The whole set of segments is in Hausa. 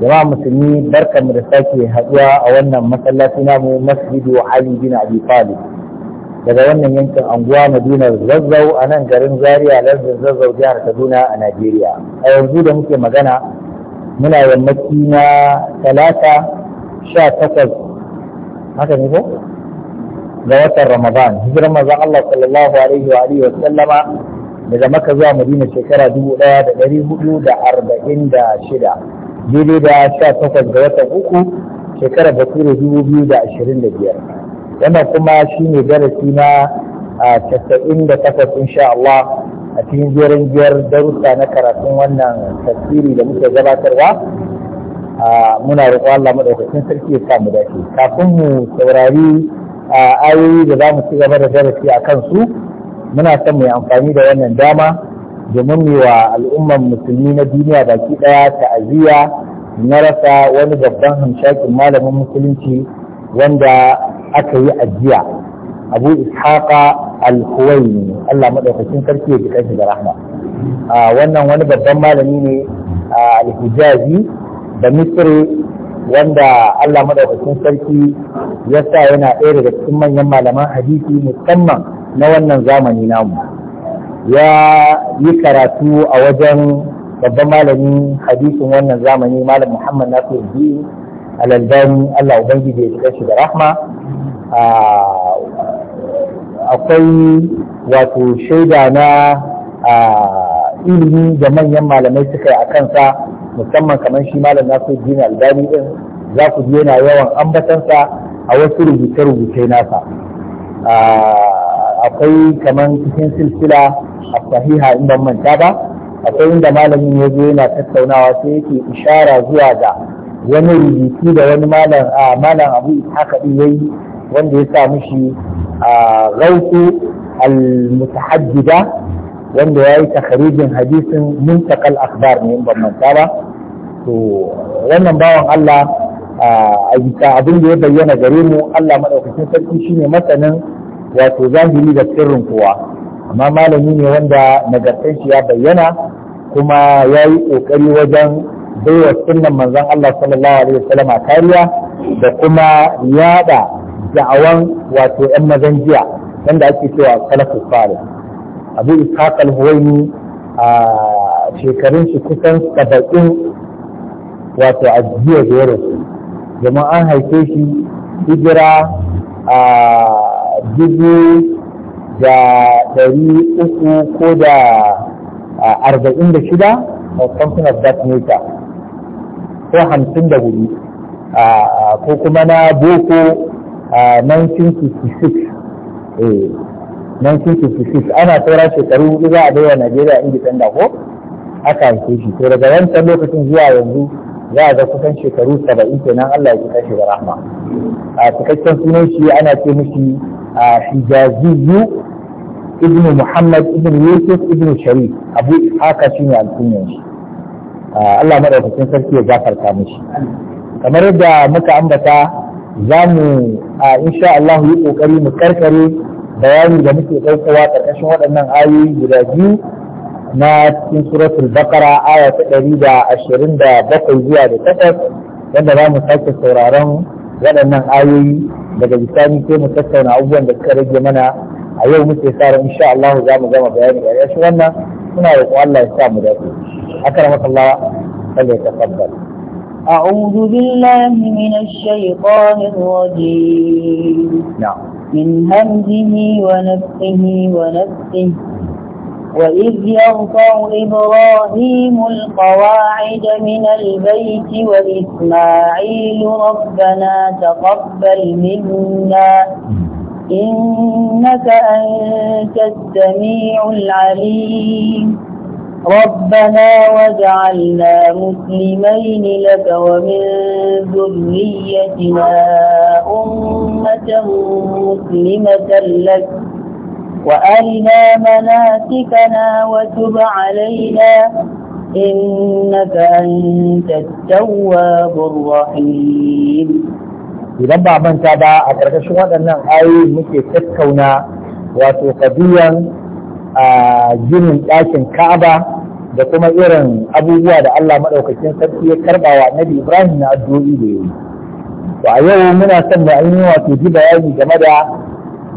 jama'a musulmi mu da sake haɗuwa a wannan masallaci namu masjidu ali bin abi talib daga wannan yankin anguwa madinar zazzau a nan garin zaria lardin zazzau jihar kaduna a najeriya a yanzu da muke magana muna yammaci na talata sha takwas haka ne ko ga watan ramadan hijirar manzon allah sallallahu alaihi wa alihi wa sallama daga maka zuwa madina shekara dubu ɗaya da ɗari hudu da arba'in da shida daidai da sha takwas ga watan uku shekarar bature dubu biyu da ashirin da biyar wannan kuma shi ne darasi na casa'in da takwas insha Allah a cikin jerin biyar darussa na karatun wannan tasiri da muke gabatarwa muna roƙon Allah maɗaukacin sarki ya mu dace kafin mu saurari ayoyi da za mu ci gaba da darasi a kansu muna son mai amfani da wannan dama domin mu wa al'ummar musulmi na duniya baki ɗaya ta'aziyya na rasa wani babban hamshakin malamin musulunci wanda aka yi ajiya abu ishaqa al-huwaini Allah madaukakin sarki ya jika shi da rahma wannan wani babban malami ne al-hijazi da misri wanda Allah madaukakin sarki ya sa yana ɗaya daga cikin manyan malaman hadisi musamman na wannan zamani namu ya yi karatu a wajen babban malami hadisin wannan zamani malam muhammad nasir biyu alalbani allah ubangiji ya shiga shi da rahma akwai wato shaida na ilimi da manyan malamai suka yi a kansa musamman kamar shi malam nasir biyu albani din za ku ji yana yawan ambatansa a wasu rubuce-rubuce nasa akwai kamar cikin silsila a sahiha in ban manta ba akwai inda malamin ya zo yana tattaunawa sai yake ishara zuwa ga wani rubutu da wani malam abu ishaq din yayi wanda ya sa mishi a rauku al-mutahaddida wanda ya yi takharijin hadisin muntakal akhbar ne in ban manta ba to wannan bawan Allah a abin da ya bayyana gare mu Allah madaukakin sarki shine masanin wato zahiri da sirrin kowa amma malami ne wanda nagartar shi ya bayyana kuma ya yi ƙoƙari wajen baiwa sunan manzon Allah sallallahu alaihi wasallam kariya da kuma yada da'awan wato ƴan mazan jiya wanda ake cewa salafus salih abu ishaq al a shekarun shi kusan saba'in wato a jiya domin an haife shi hijira a dubu da ɗari uku ko da arba'in da shida or something of that nature ko hamsin da hudu ko kuma na boko 1956 1956 eh, ana tsara shekaru hudu za a baiwa najeriya independent ko aka haife shi to daga wancan lokacin zuwa yanzu za a ga kusan shekaru saba'in kenan allah ya kusa shi da rahama a cikakken sunan shi ana ce mishi hijazi ibnu muhammad ibnu yusuf ibnu sharif abu ishaka shine alkunyan shi Allah madaukakin sarki ya gafarta mishi kamar yadda muka ambata za mu insha Allah yi kokari mu karkare bayani da muke ɗaukawa ƙarƙashin waɗannan ayoyi guda biyu na cikin suratul bakara aya ta ɗari da ashirin da bakwai zuwa da takwas wanda za mu sake sauraron waɗannan ayoyi daga bisani sai mu tattauna abubuwan da suka rage mana a yau muke sa ran insha Allah za mu gama bayani da yashi wannan suna da Allah ya sa mu dace akramaka Allah sai ya tafaddal أعوذ بالله من الشيطان الرجيم نعم wa همزه wa ونفسه وإذ يرفع إبراهيم القواعد من البيت وإسماعيل ربنا تقبل منا إنك أنت السميع العليم ربنا واجعلنا مسلمين لك ومن ذريتنا أمة مسلمة لك وأرنا مناسكنا وتب علينا إنك أنت التواب الرحيم idan ba manta ba a ƙarƙashin waɗannan ayoyi muke tattauna wato kabiyan ginin ɗakin ka'aba da kuma irin abubuwa da Allah maɗaukakin sarki ya karɓa wa Nabi Ibrahim na addu'o'i da yi. to a yau muna son mu ainihin wato ji bayani game da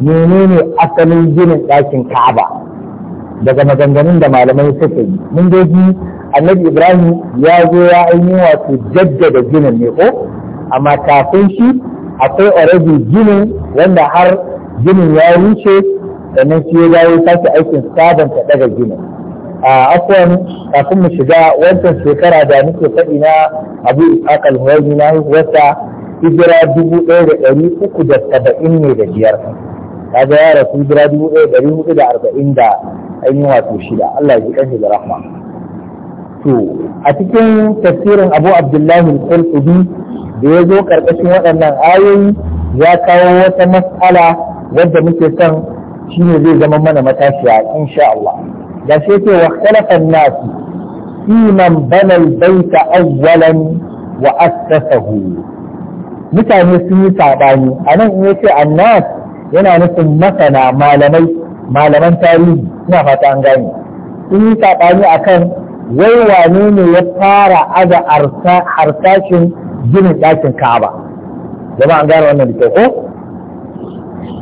menene asalin ginin ɗakin Ka'aba daga maganganun da malamai suka yi mun doji annabi Ibrahim ya zo ya aini wato jaddada ginin ne ko amma kafin shi akwai already ginin wanda har ginin ya wuce sannan shi ya yi sake aikin sabanta daga ginin a akwai kafin mu shiga wancan shekara da muke faɗi na abu Ishakal, al na haihuwarsa hijira dubu ɗaya da ɗari uku da saba'in ne da biyar kaga ya rasu hijira dubu ɗaya ɗari hudu da arba'in da ainihin wato shida Allah ya ji ƙanshi da rahma to a cikin tafsirin Abu Abdullahi al-Qurtubi da ya zo ƙarƙashin waɗannan ayoyi ya kawo wata mas'ala wadda muke son shine zai zama mana matashiya insha Allah da shi yake wa ikhtalafa an-nas fi man bana al-bayta awwalan wa assasahu mutane sun yi sabani anan in yace annas yana nufin masana malamai malaman tarihi suna fata an gane sun yi saɓani akan wai wane ne ya fara aza harsashin ginin ɗakin ka'aba zama an gane wannan da ko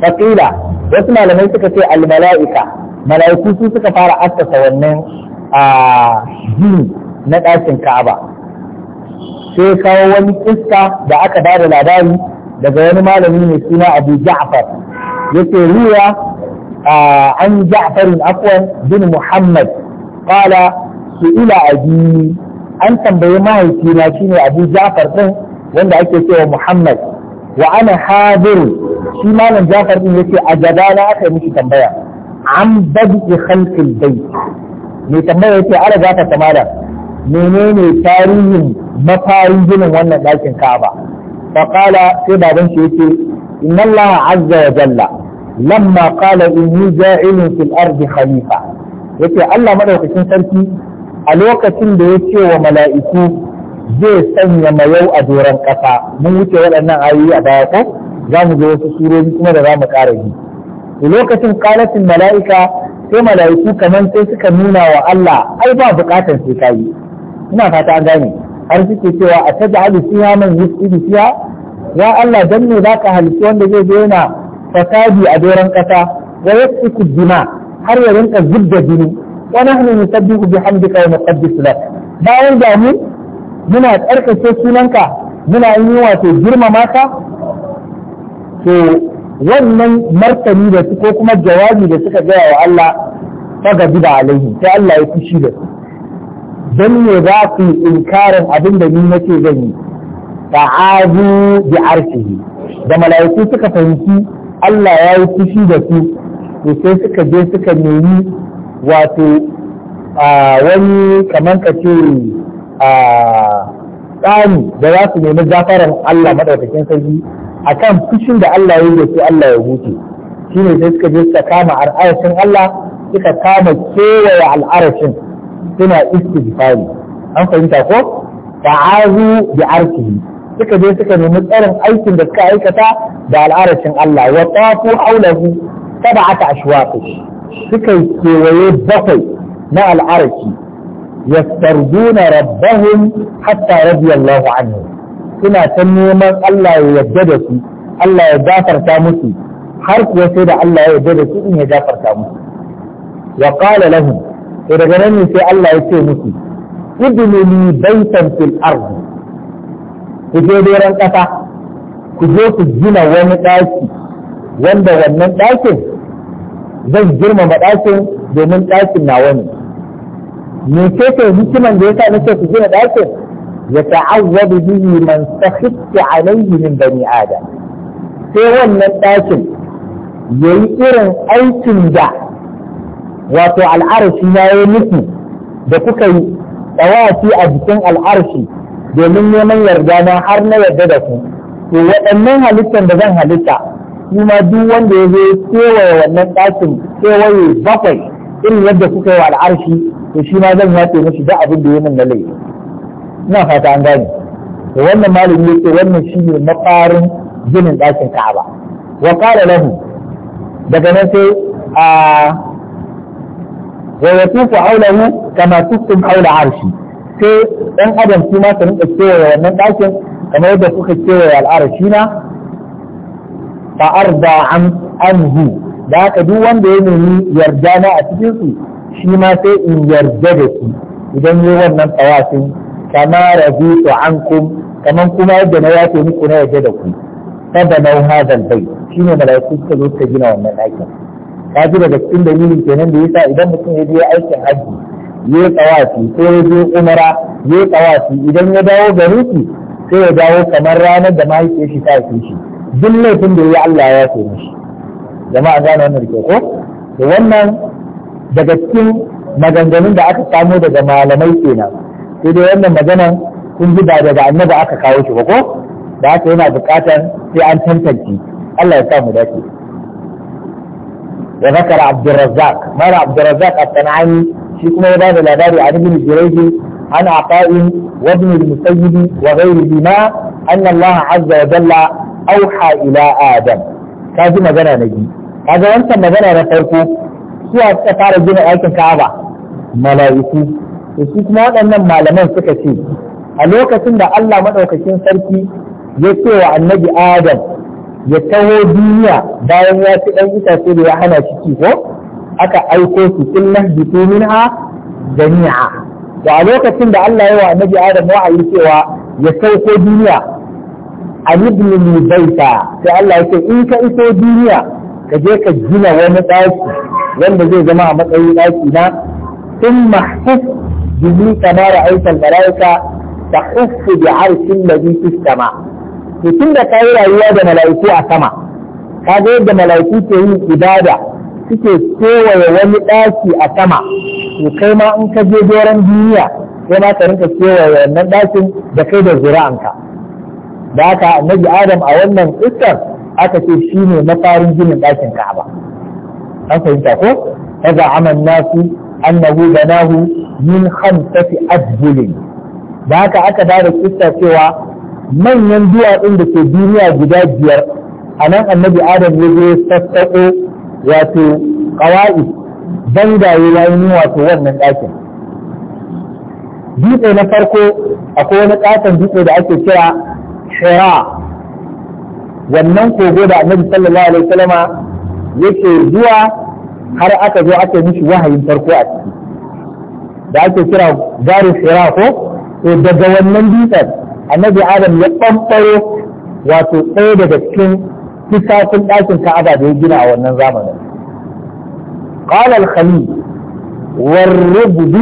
fakila wasu malamai suka ce almala'ika mala'iku su suka fara askasa wannan gini na ɗakin ka'aba sai kawo wani iska da aka ba ladari daga wani malami mai suna abu ja'far yake ruwa an ja'far akwai bin muhammad qala su'ila abi an tambayi mahaifina shine abu ja'far din wanda ake cewa muhammad wa ana hadir shi malam ja'far din yace a gabana aka yi mishi tambaya an bad'i khalqil bayt me tambaya yace ala gafa tamala menene tarihin mafarin ginin wannan ɗakin kaba fa qala sai baban shi yace إن الله عز وجل لما قال إني جاعل في الأرض خليفة يتي الله مدوكسين A lokacin da ya ce wa mala'iku zai sanya mayau a doron ƙasa mun wuce waɗannan ayoyi a baya ko za mu ga wasu surori kuma da za mu ƙara A lokacin ƙalatin mala'ika sai mala'iku kamar sai suka nuna wa Allah ai ba buƙatar sai kayi ina fata an gane har suke cewa a taja alu fiha man yusqidu fiha ya Allah dan za zaka halittu wanda zai zo fasadi a doron kasa wa yasfiku dima har ya rinka da jini wa nahnu nusabbihu bihamdika wa nuqaddis lak bayan da mu muna tsarkake sunanka muna yi wato girmama ka to wannan martani da su ko kuma jawabi da suka gaya wa Allah ta gabi da alaihi sai Allah ya fushi da su Dan ne za ku inkarin abin da ni nake zan yi fa'adu bi arshihi da mala'iku suka fahimci Allah ya yi fushi da su to sai suka je suka nemi wato wani kamar ka ce tsani da za su nemi zafaran Allah madaukakin sarki akan fushin da Allah ya yi da su Allah ya huce shine sai suka je suka kama al'arashin Allah suka kama kewaye al'arashin suna istifari an fahimta ko ta'azu bi arshihi suka je suka nemi tsarin aikin da suka aikata da al'arashin Allah wa tafu haulahu aka ashwaqi suka kewaye bakwai na al'arashi yastarduna rabbahum hatta radiyallahu anhu suna ta neman Allah ya yarda da su Allah ya gafarta musu har kuwa sai da Allah ya yadda da su in ya gafarta musu wa qala lahum daga nan sai Allah ya ce musu ibnu li baitan fil ardi ku je doron ƙasa ku je ku gina wani ɗaki wanda wannan ɗakin zai girmama ɗakin domin ɗakin na wani me ce ce hikiman da ya sa nake ku gina ɗakin ya ta'awwadu bihi man sakhitta alayhi min bani adam sai wannan ɗakin yayi irin aikin da wato al'arashi na yi nufi da kuka yi tsawafi a jikin al'arshi domin neman yarda na har na yarda da ku to waɗannan halittar da zan halitta kuma duk wanda ya zo kewaye wannan ɗakin kewaye bakwai irin yadda kuka yi wa al'arshi to shi ma zan yafe mashi da abin da ya min na laifi ina fata an gane to wannan malami yake wannan shine mafarin ginin ɗakin Ka'aba wa qala lahu daga nan sai a wa yatufu hawlahu kama tusum hawla arshi sai ɗan adam su ma su rinka kewaye wannan ɗakin kamar yadda suka kewaye al'arashi na fa'ar an anhu da haka duk wanda ya nemi yarda na a cikin su shi ma sai in yarda da shi idan yi wannan tsawafin kama rabitu ankum Kamar kuma yadda na yafe muku na yarda da ku kada na hadal Shi ne malaiku suka zo suka gina wannan ɗakin ji daga cikin dalilin kenan da yasa idan mutum ya je aikin hajji ya tsawafi ko ya je umara ya tsawafi idan ya dawo gare ki sai ya dawo kamar ranar da mahaifiyar shi ta fi shi duk laifin da ya yi Allah ya so mishi jama'a gane wannan rike ko da wannan daga cikin maganganun da aka samu daga malamai kenan sai dai wannan maganan kun ji ba daga annabi aka kawo shi ba ko da haka yana buƙatar sai an tantance Allah ya sa mu dace وذكر عبد الرزاق مر عبد الرزاق الصنعاني shi kuma ya ba da labari a ibn Jurayj an Aqa'i wa ibn al-Musayyib wa ghayrihi Allah azza wa jalla auha ila Adam ka ji magana na Ka ga wancan magana na farko su suka fara gina aikin Ka'aba mala'iku to shi kuma waɗannan malaman suka ce a lokacin da Allah madaukakin sarki ya ce wa annabi Adam ya taho duniya bayan ya ci ɗan itace da ya hana shi ko aka aiko su kullum bitu jami'a da a lokacin da Allah ya wa annabi Adam wa'ayi cewa ya sauko duniya a ibn baita sai Allah ya ce in ka iso duniya ka je ka gina wani ɗaki wanda zai zama a matsayin ɗaki na sun mahfuf bihi kamar aikin malaika ta huffu bi arshin ladhi fis sama to tun da kai rayuwa da mala'iku a sama ka ga yadda mala'iku ke yin ibada suke kewaye wani ɗaki a sama to kai ma in ka je doron duniya sai ma ka rinka kewaye wannan ɗakin da kai da zuri'anka da haka annabi adam a wannan iskar aka ce shi ne mafarin ginin ɗakin ka'aba an fahimta ko kaza aman nasu annahu banahu min khamsati ajjulin da haka aka da kissa cewa manyan duwatsun da ke duniya guda biyar a nan annabi adam ya je sassaƙo wato ƙawa'i bangaye yayin wato wannan ɗakin dutse na farko akwai wani ƙaton dutse da ake kira shira wannan kogo da annabi sallallahu alaihi wasallama yake zuwa har aka zo aka mishi wahayin farko a ciki da ake kira gari shira ko to daga wannan dutsen annabi adam ya ɓamɓaro wato ɗaya daga cikin fisafin ɗakin ka'aba da ya gina a wannan zamanin قال الخليل والربد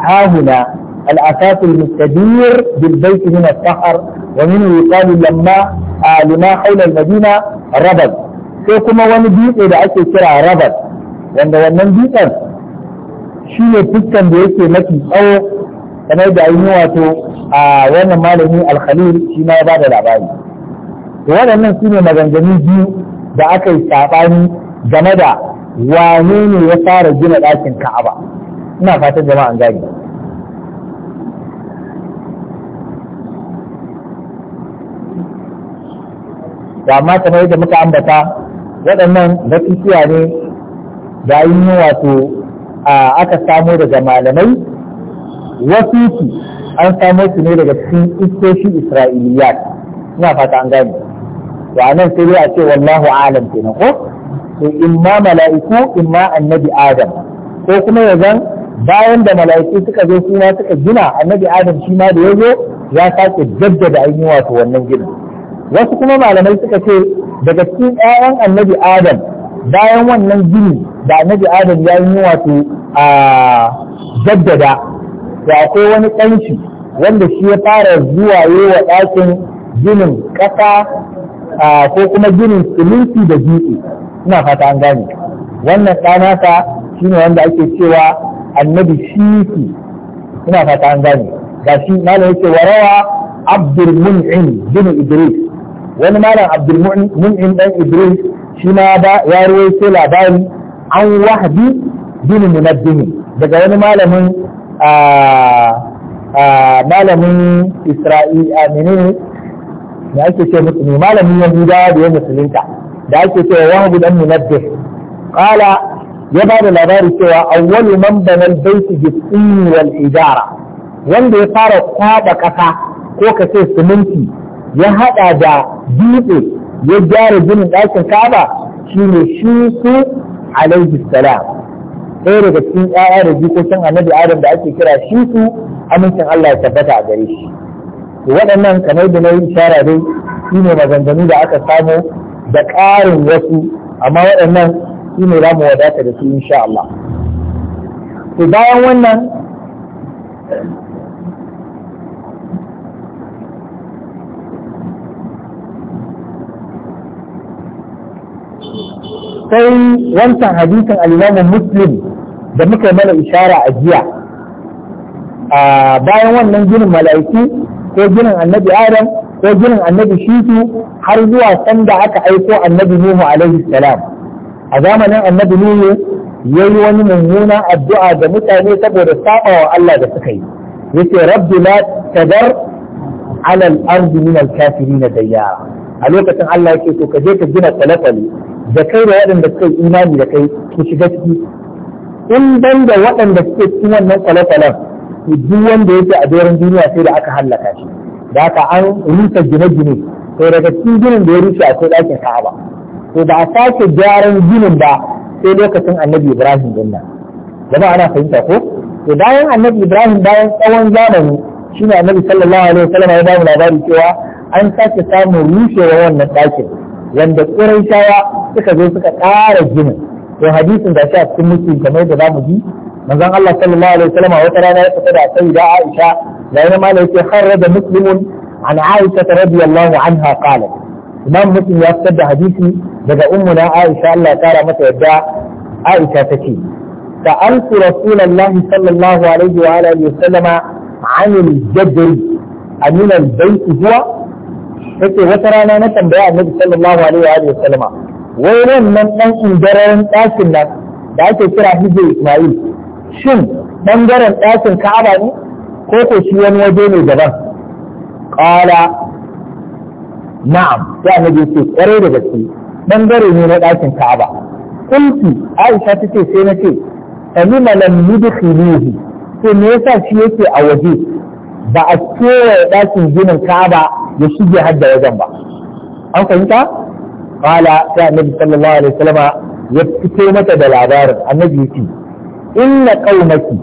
هاهنا الأساس المستدير بالبيت من الصخر ومنه يقال لما آه لما حول المدينة ربد sai kuma wani dutse da ake kira rabat wanda wannan dutsen shi ne fuskan da yake mafi tsawo kamar da yi wato a wannan malami alkhalil shi ya ba da labari waɗannan su ne maganganu biyu da aka yi saɓani game da wane ne ya fara gina ɗakin ka'aba ina fatan jama'a an gani da amma kamar yadda muka ambata waɗannan batutuwa ne da yi wato aka samo daga malamai wasu an samo su ne daga cikin iskoshin isra'iliyat ina fata an gani to anan sai dai a ce wallahu alam kenan ko to imma mala'iku imma annabi adam ko kuma ya zan bayan da mala'iku suka zo suna suka gina annabi adam shi ma da ya zo ya sake jaddada yi wato wannan gina wasu kuma malamai suka ce daga cikin 'ya'yan annabi adam bayan wannan gini da annabi adam ya yi wato a jaddada da akwai wani ƙanshi wanda shi ya fara zuwa yi wa ɗakin ginin ƙasa ko kuma ginin siminti da dutse suna fata an gane wannan ɗana shi ne wanda ake cewa annabi shifi suna fata an gane ga shi malam yake warawa abdul mun'in bin idris wani malam abdul mun'in dan idris shi ma ba ya rawaito labari an wahbi bin munabbih daga wani malamin malamin isra'ila menene da ake ce musu malamin malamin yahudawa da ya musulunta da ake ce wa wahabu dan munabbih qala ya ba da labari cewa awwalu man bana al-bayt bi wal ijara wanda ya fara kwaba kasa ko ka ce siminti ya hada da dutse ya gyara ginin ɗakin kaba shine shi su alaihi salam ɗaya daga cikin ƴaƴa da jikokin annabi adam da ake kira shi su amincin Allah ya tabbata a gare shi waɗannan kamar da na yi ishara dai shi ne maganganu da aka samu da ƙarin wasu amma waɗannan shi ne za mu wadata da su insha Allah. To bayan wannan sai wancan hadisin alimamin muslim da muka mana ishara a jiya bayan wannan ginin mala'iku ko ginin annabi adam ko ginin annabi shitu har zuwa sanda aka aiko annabi nuhu alaihi salam a zamanin annabi nuhu yayi wani mummuna addu'a da mutane saboda wa Allah da suka yi yace rabbi la tadar ala al-ardi min al-kafirin dayyara a lokacin Allah yake to ka ka gina talafali da kai da waɗanda suka yi imani da kai ku shiga ciki in dan da waɗanda suke cikin wannan talafalen to duk wanda yake a doron duniya sai da aka hallaka shi da ka an rusa gine-gine sai daga cikin ginin da ya rushe akwai ɗakin ka'aba to ba a sake gyaran ginin ba sai lokacin annabi ibrahim din nan jama'a ana fahimta ko to bayan annabi ibrahim bayan tsawon zamani shine annabi sallallahu alaihi wasallam ya bamu labari cewa an sake samun rushewa wannan ɗakin wanda ƙurayshawa suka zo suka ƙara ginin to hadisin da shi a cikin mutum kamar da zamu bi? manzon Allah sallallahu alaihi wasallam wata rana ya fita da sayyida Aisha da yana mala yake kharraja muslimun an Aisha radiyallahu anha qalat imam muslim ya fitar da hadisi daga ummuna Aisha Allah ya kara mata yadda Aisha Da an tace سألت رسول الله صلى الله عليه وآله وسلم عن الجدر أمين البيت هو take wata rana na tambaya annabi sallallahu alaihi wa sallama wai nan nan dan indaran ɗakin nan da ake kira hijir Ismail shin ɓangaren ɗakin ka'aba ne ko ko shi wani waje ne daban ƙala na'am ya annabi ce ƙwarai da gaske ɓangare ne na ɗakin ka'aba kulki aisha ta ce sai na ce falima lam yudkhiluhu to me yasa shi yake a waje ba a kewaye ɗakin ginin ka'aba ya shige har da wajen ba an fahimta ƙala ya annabi sallallahu alaihi wasallama ya fito mata da labarin annabi yake inna qaumaki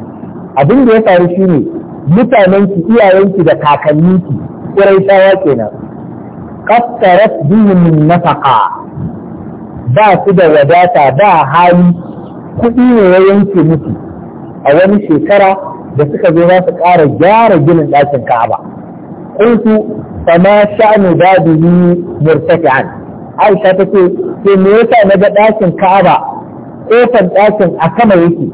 abin da ya faru shine mutanenki iyayenki da kakanninki quraishawa kenan qaftarat bihim min nafaqa ba su da wadata ba hali kuɗi ne ya yanke musu a wani shekara da suka zo za su ƙara gyara ginin ɗakin Ka'aba qultu fama sha'nu babihi murtafi'an Aisha ta ce, sai me yasa na ga ɗakin Ka'aba, ƙofan ɗakin a sama yake,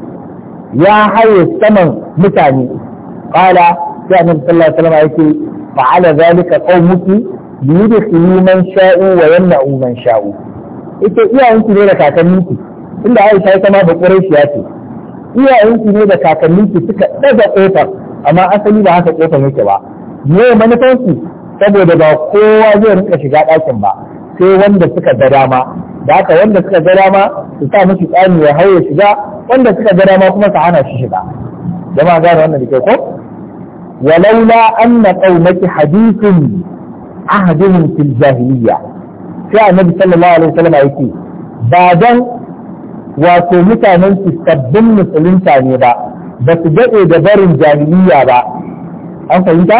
ya haye saman mutane kala sai annabi sallallahu alaihi wasallam yake fa'ala zalika qaumuki bi man sha'u wa yamna'u man sha'u ita iyayenki ne da kakanninki inda Aisha ita ma bakurai shi ce iyayenki ne da kakanninki suka daga kofar amma asali ba haka kofar yake ba ne manufansu saboda ba kowa zai rinka shiga ɗakin ba sai wanda suka ga dama da haka wanda suka ga dama su sa miki tsani ya hauye shiga wanda suka ga dama kuma su hana shi shiga jama'a gane wannan dake ko walaula anna qaumaki hadithun ahadun fil jahiliya sai annabi sallallahu alaihi wasallam yake ba dan wato mutanen su sabbin musulunta ne ba ba su daɗe da barin jahiliya ba an fahimta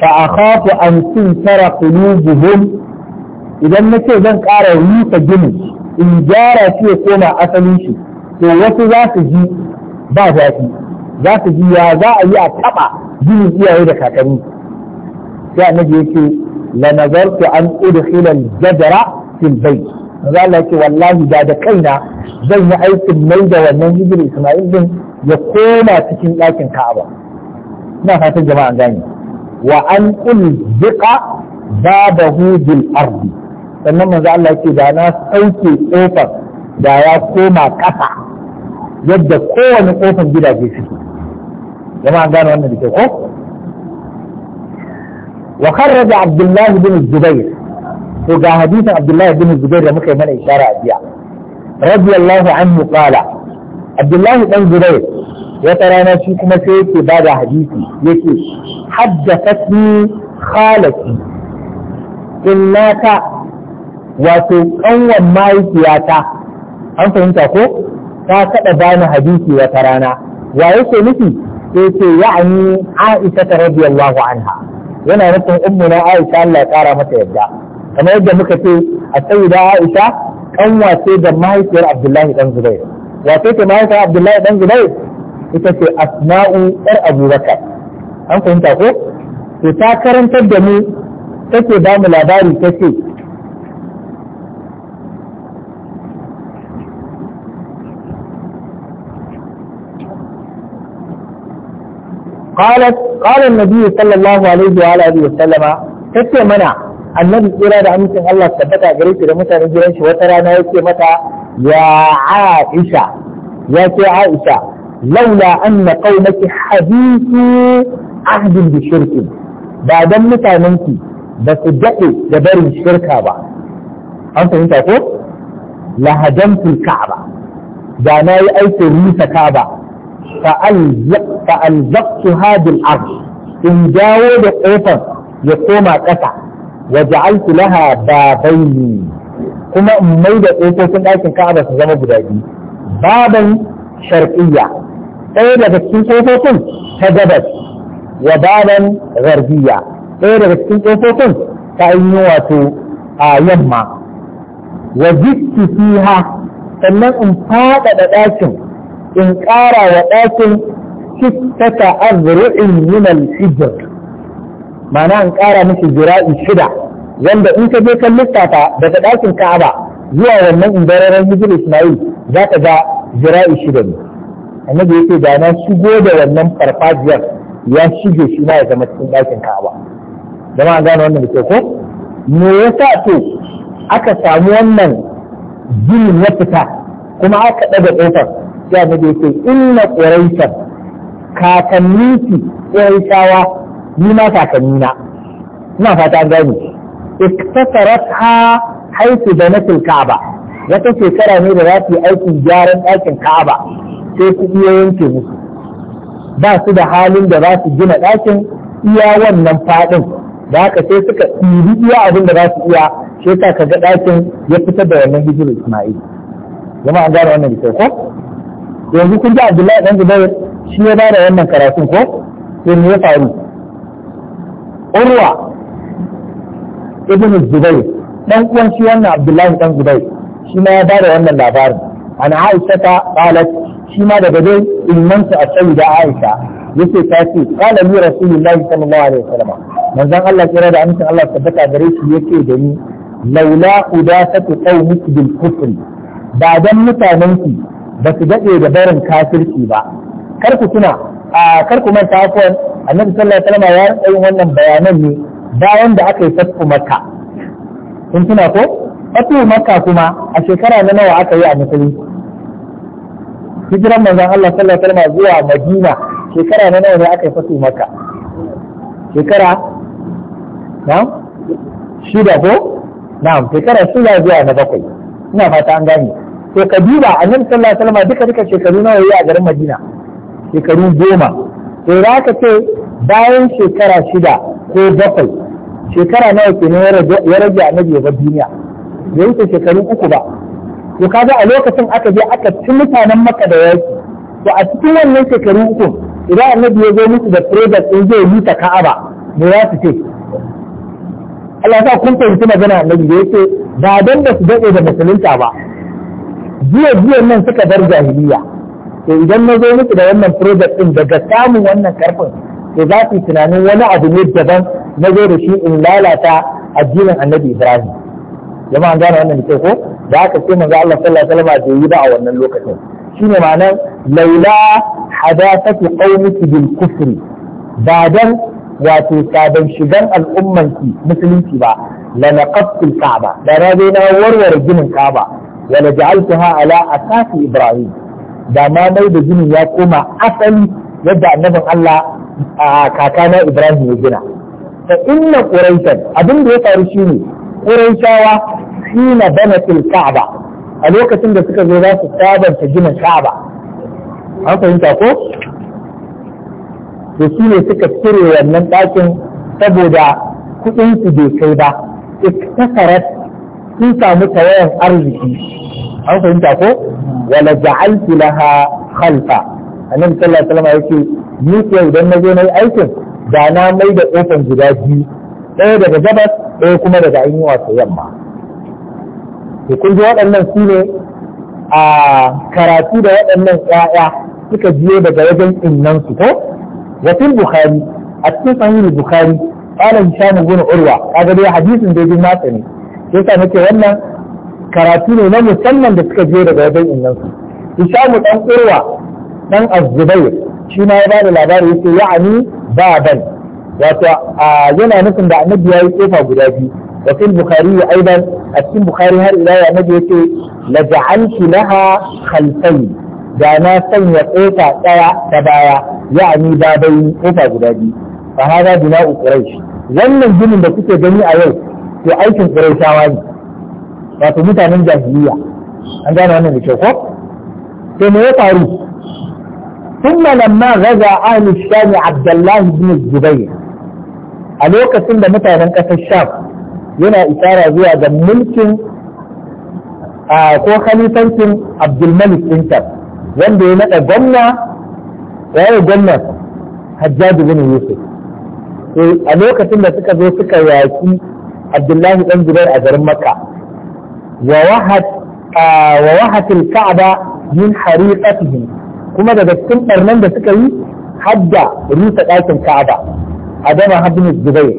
fa akhafu an tunkara qulubuhum idan na ce zan ƙara rusa ginin in gyara shi ya koma asalin shi to wasu za su ji ba zafi za su ji ya za a yi a taɓa ginin iyaye da kakanni sai annabi ya ce la nazartu an udkhila al-jadra fil bayt maza Allah ce wallahi da da kaina zan yi aikin mai da wannan hijir Isma'il din ya koma cikin ɗakin Ka'aba ina fatan jama'a gani wa an ulziqa babahu bil ardi sannan manzo Allah yake da na sauke kofar da ya koma ƙasa yadda kowane kofar gidaje suke jama'a gane wannan da ke ko wa kharraja Abdullah bin Zubair to ga hadisin Abdullah bin Zubair da muka yi mana ishara a jiya radiyallahu anhu qala Abdullah dan Zubair wata rana shi kuma sai yake ba da hadisi yake haddathatni khalati illata. wato ƙanwan mahaifiyata an fahimta ko ta taɓa bani hadisi wata rana wa yake nufi Ke ce ya'ani Aisha ta radiyallahu anha yana nufin ummuna Aisha Allah ya kara mata yadda kamar yadda muka ce a sayyida Aisha kanwa ce da mahaifiyar Abdullahi dan Zubair wato ce mahaifiyar Abdullahi dan Zubair ita ce Asma'u yar Abubakar an fahimta ko to ta karantar da mu take ba mu labari ta ce qalat qala an-nabi sallallahu tace mana annabi kira da amincin Allah tabbata gare shi da mutanen gidan shi wata rana yake mata ya Aisha ya ce Aisha laula anna qaumaki hadithu ahdin bi shirkin ba dan mutanenki ba su daɗe da barin shirka ba an fahimta ko lahadamtul ka'aba da na yi aikin rusa ba. fa'alzaktu hadin arz in dawo da ƙofar ya koma ƙasa wa ja'altu laha babaini kuma in mai da ƙofofin ɗakin ka'aba su zama guda biyu baban sharqiyya ɗaya daga cikin ƙofofin ta gabas wa baban garbiyya ɗaya daga cikin ƙofofin ta ainihin wato a yamma wa jikki fiha sannan in faɗaɗa ɗakin in ƙara wa ɗakin sittata azru'in min al-hijr ma'ana in ƙara mishi zira'i shida wanda in ka je kan lissata daga ɗakin Ka'aba zuwa wannan indararen hijir Ismail za ka ga zira'i shida ne annabi yake da na shigo da wannan farfajiyar ya shige shi na ya zama cikin ɗakin Ka'aba jama'a an gane wannan ko me yasa to aka samu wannan jinin ya fita kuma aka ɗaga ƙofar ya da ce inna quraishan kakanni ki quraishawa ni ma kakanni na ina fata gani na da banatil ka'aba wata shekara ne da za su yi aikin gyaran ɗakin ka'aba sai ku iya yanke musu ba su da halin da za su gina ɗakin iya wannan faɗin da haka sai suka ɗibi iya abin da za su iya shi ka ga ɗakin ya fitar da wannan hijirar Ismail Zama an gane wannan da ko yanzu kun ji Abdullahi dan Zubair shi ya bada wannan karatun ko sai me ya faru Urwa ibn Zubair dan uwan shi wannan Abdullahi dan Zubair shi ma ya bada wannan labarin an Aisha ta qalat shi ma daga dai innansa a sayyida Aisha yace ta ce qala li rasulillahi sallallahu alaihi wasallam manzon Allah kira da amincin Allah tabbata gare shi yake da ni laula udasatu qaumik bil kufri ba dan mutanen ki ba su daɗe da barin kafirci ba kar ku tuna a kar ku manta akwai annabi sallallahu alaihi wasallam ya rinka yin wannan bayanan ne bayan da aka yi fatu makka kun tuna ko fatu makka kuma a shekara na nawa aka yi a musulunci hijiran manzon Allah sallallahu alaihi wasallam zuwa Madina shekara na nawa ne aka yi fatu makka shekara na shida ko na shekara shida zuwa na bakwai ina fata an gane to ka duba annabi sallallahu alaihi wasallam duka duka shekaru nawa yayi a garin Madina shekaru goma to za ka ce bayan shekara shida ko bakwai shekara nawa kenan ya rage annabi ya bar duniya ya ta shekaru uku ba to kaga a lokacin aka je aka ci mutanen maka da yaki to a cikin wannan shekaru uku idan annabi ya zo musu da project din zai rusa ka'aba me za su ce Allah sa kun fahimci magana annabi da yake ba dan da su dade da musulunta ba jiya jiya nan suka bar jahiliya to idan na zo muku da wannan project din daga samun wannan karfin to za su tunanin wani abu ne daban na zo da shi in lalata addinin annabi ibrahim jama'an gane wannan ke ko da aka ce manzo Allah sallallahu alaihi wasallam bai yi ba a wannan lokacin shine ma'anar laula hadathatu qaumiki bil kufri ba dan wato sabon shigan al'ummanki musulunci ba la naqabtu al-ka'ba da na na warware ginin ka'ba wa la ja'altaha ala asasi ibrahim da ma mai da ginin ya koma asali yadda annabin Allah a kakana ibrahim ya gina fa inna quraishan abin da ya faru shine quraishawa hina banatil ka'ba a lokacin da suka zo za su sabanta ginin ka'ba an fahimta ko da su ne suka cire wannan ɗakin saboda kuɗin su bai kai ba iktasarat sun samu tawayan arziki an fahimta ko wala ja'altu laha khalfa annabi sallallahu alaihi wasallam yake ni ko idan na zo nayi aikin da na mai da kofan guda biyu ɗaya daga gabas ɗaya kuma daga ainihin wato yamma to kun ji waɗannan su ne a karatu da waɗannan ƴaƴa suka biyo daga wajen innan su ko Wafin bukhari a cikin sahih bukhari qala hisham ibn urwa kaga dai hadisin da bin nasa sai sa nake wannan karatu ne na musamman da suka je daga wajen innan su ishamu dan urwa dan azzubai shi ma ya ba da labari yake ya'ani baban wato yana nufin da annabi yayi yi kofa guda biyu wa fil bukhari aidan a cikin bukhari har ila ya nabi yake la ja'alti laha khalfayn da na sanya kofa daya ta baya ya'ani babai kofa guda biyu fa hada bina'u quraish wannan ginin da kuke gani a yau wato aikin ƙuraishawa ne wato mutanen jahiliya an gane wannan da kyau ko To me ya faru ثم لما غزا أهل الشام عبد Abdullahi بن الزبير a lokacin da mutanen ƙasar sham yana isara zuwa ga mulkin ko khalifancin abdulmalik ɗin sham wanda ya naɗa gwamna ya yi gwamna hajjaji bin yusuf eh, a lokacin da suka zo suka yaƙi abdullahi ɗan zubair a garin makka wa wahat wa wahatil ka'aba min kuma daga cikin barnan da suka yi hadda rusa ɗakin ka'aba adama habnu zubair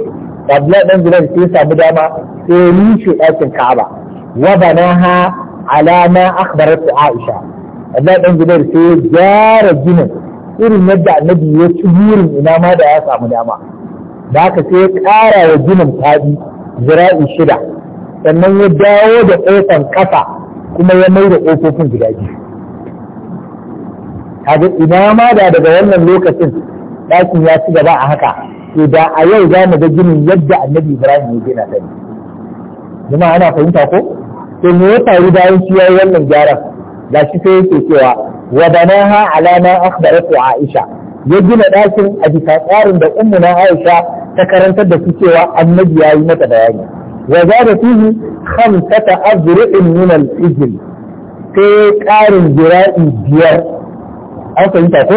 abdullahi ɗan zubair sai samu dama sai rushe ɗakin ka'aba wa banaha ala ma akhbarat aisha abdullahi ɗan zubair sai gyara ginin irin yadda annabi ya ci burin ina ma da ya samu dama da haka sai ya ƙara wa ginin fadi zira'i shida sannan ya dawo da ƙofan ƙasa kuma ya mai da ƙofofin guda biyu kaga ina ma da daga wannan lokacin ɗakin ya ci gaba a haka to da a yau za mu ga ginin yadda annabi ibrahim ya gina sani kuma ana fahimta ko to me ya faru bayan shi yayi wannan gyaran gashi sai yake cewa wa banaha ala ma akhbaratu aisha ya gina ɗakin a bisa tsarin da ummu na Aisha ta karantar da su cewa annabi ya yi mata bayani wa da fihi khamsata azri'in min al-ijl sai ƙarin jira'i biyar an fahimta ko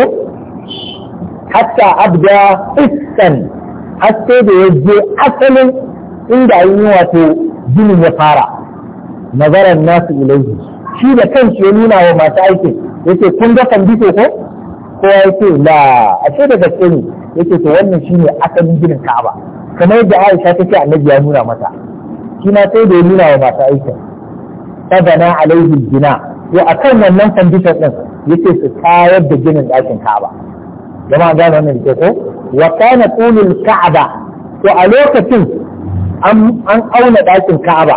hatta abda iskan har sai da ya je asalin inda yi wato ginin ya fara nazaran nasu ilaihi shi da kanshi ya nuna wa masu aikin yace kun ga kandito ko kowa ya ce la a ce da gaske ne yake to wannan shine asalin ginin Ka'aba kamar yadda Aisha ta ce Annabi ya nuna mata shi ma sai da ya nuna wa masu aikin sabana alaihi gina wa akan wannan condition din yake su tayar da ginin ɗakin Ka'aba jama'a gane wannan ke ko wa kana tulul Ka'aba to a lokacin an auna ɗakin Ka'aba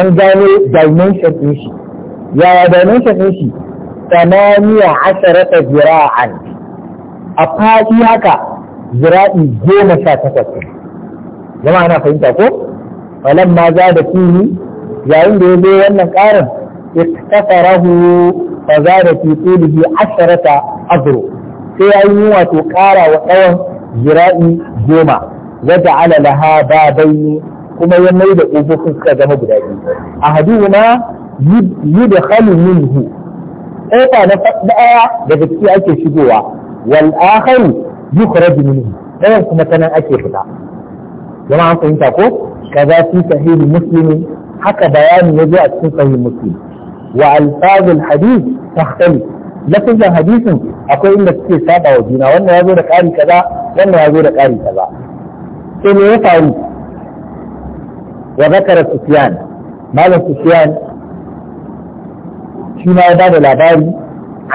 an gano dimension ɗin shi yaya dimension ɗin shi samaniya asharata zira'an a faɗi haka zira'i goma sha takwas zama ana fahimta ko falan ma za da fili yayin da ya zo wannan ƙarin iktafarahu fa za da fi tulihi asharata azro sai ya yi wato ƙara wa tsawon zira'i goma wadda ala laha babaini kuma ya mai da ƙofofin suka zama guda biyu a hadu ma yudkhalu minhu kofa na daya daga ciki ake shigowa wal akharu yukhraj minhu dayan kuma sanan ake fita jama'a an fahimta ko kaza fi sahih muslim haka bayani yazo a cikin sahih muslim wa alfazul hadith tahtali lafazin hadisin akwai inda suke saba wa juna wannan yazo da ƙari kaza wannan yazo da ƙari kaza sai me ya faru wa zakara sufyan malam sufyan shi ma ya bada labari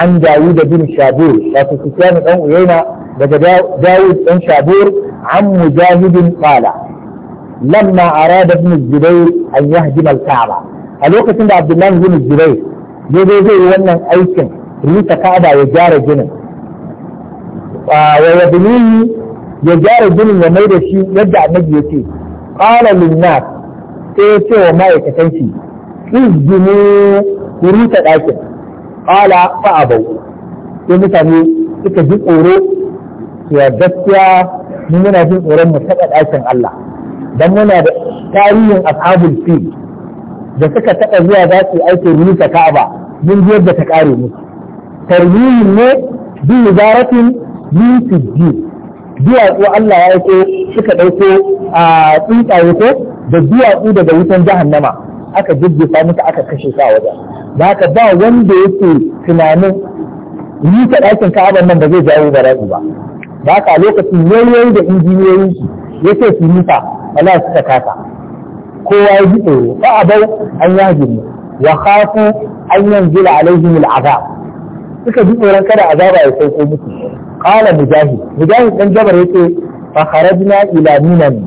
an da bin shabur wato sufyan dan uyaina daga dawud dan shabur an mujahidin qala lamma arada ibn zubayr an yahdim al-ka'ba a lokacin da abdullahi ibn zubayr ya zo zai wannan aikin rusa ka'aba ya gyara ginin wa yabnihi ya gyara ginin ya mai da shi yadda annabi ya ce qala lin-nas sai ya ce wa ma'aikatan shi izginu ku rusa ɗakin ƙala fa abau sai mutane suka ji tsoro ya gaskiya mun muna jin tsoron mu taɓa ɗakin Allah dan muna da tarihin ashabul fil da suka taɓa zuwa za su aikin rusa Ka'aba mun ji yadda ta ƙare musu tarihin ne bi wizaratin min sujji duwatsu Allah ya aiko suka ɗauko a tsuntsaye ko da duwatsu daga wutan jahannama aka jujjufa musu aka kashe su a wajen Ba ka ba wanda yake tunanin yi ɗakin ka'aban nan ba zai jawo bala'i ba da haka lokacin yayoyi da injiniyoyi ya ce su nufa ala suka kasa kowa ya ji tsoro ba a bau an yaji ne wa khafu an yanzila alaihim al'azab suka ji tsoron kada azaba ya sauko musu kala mujahid mujahid ɗan jabar yace fa kharajna ila minan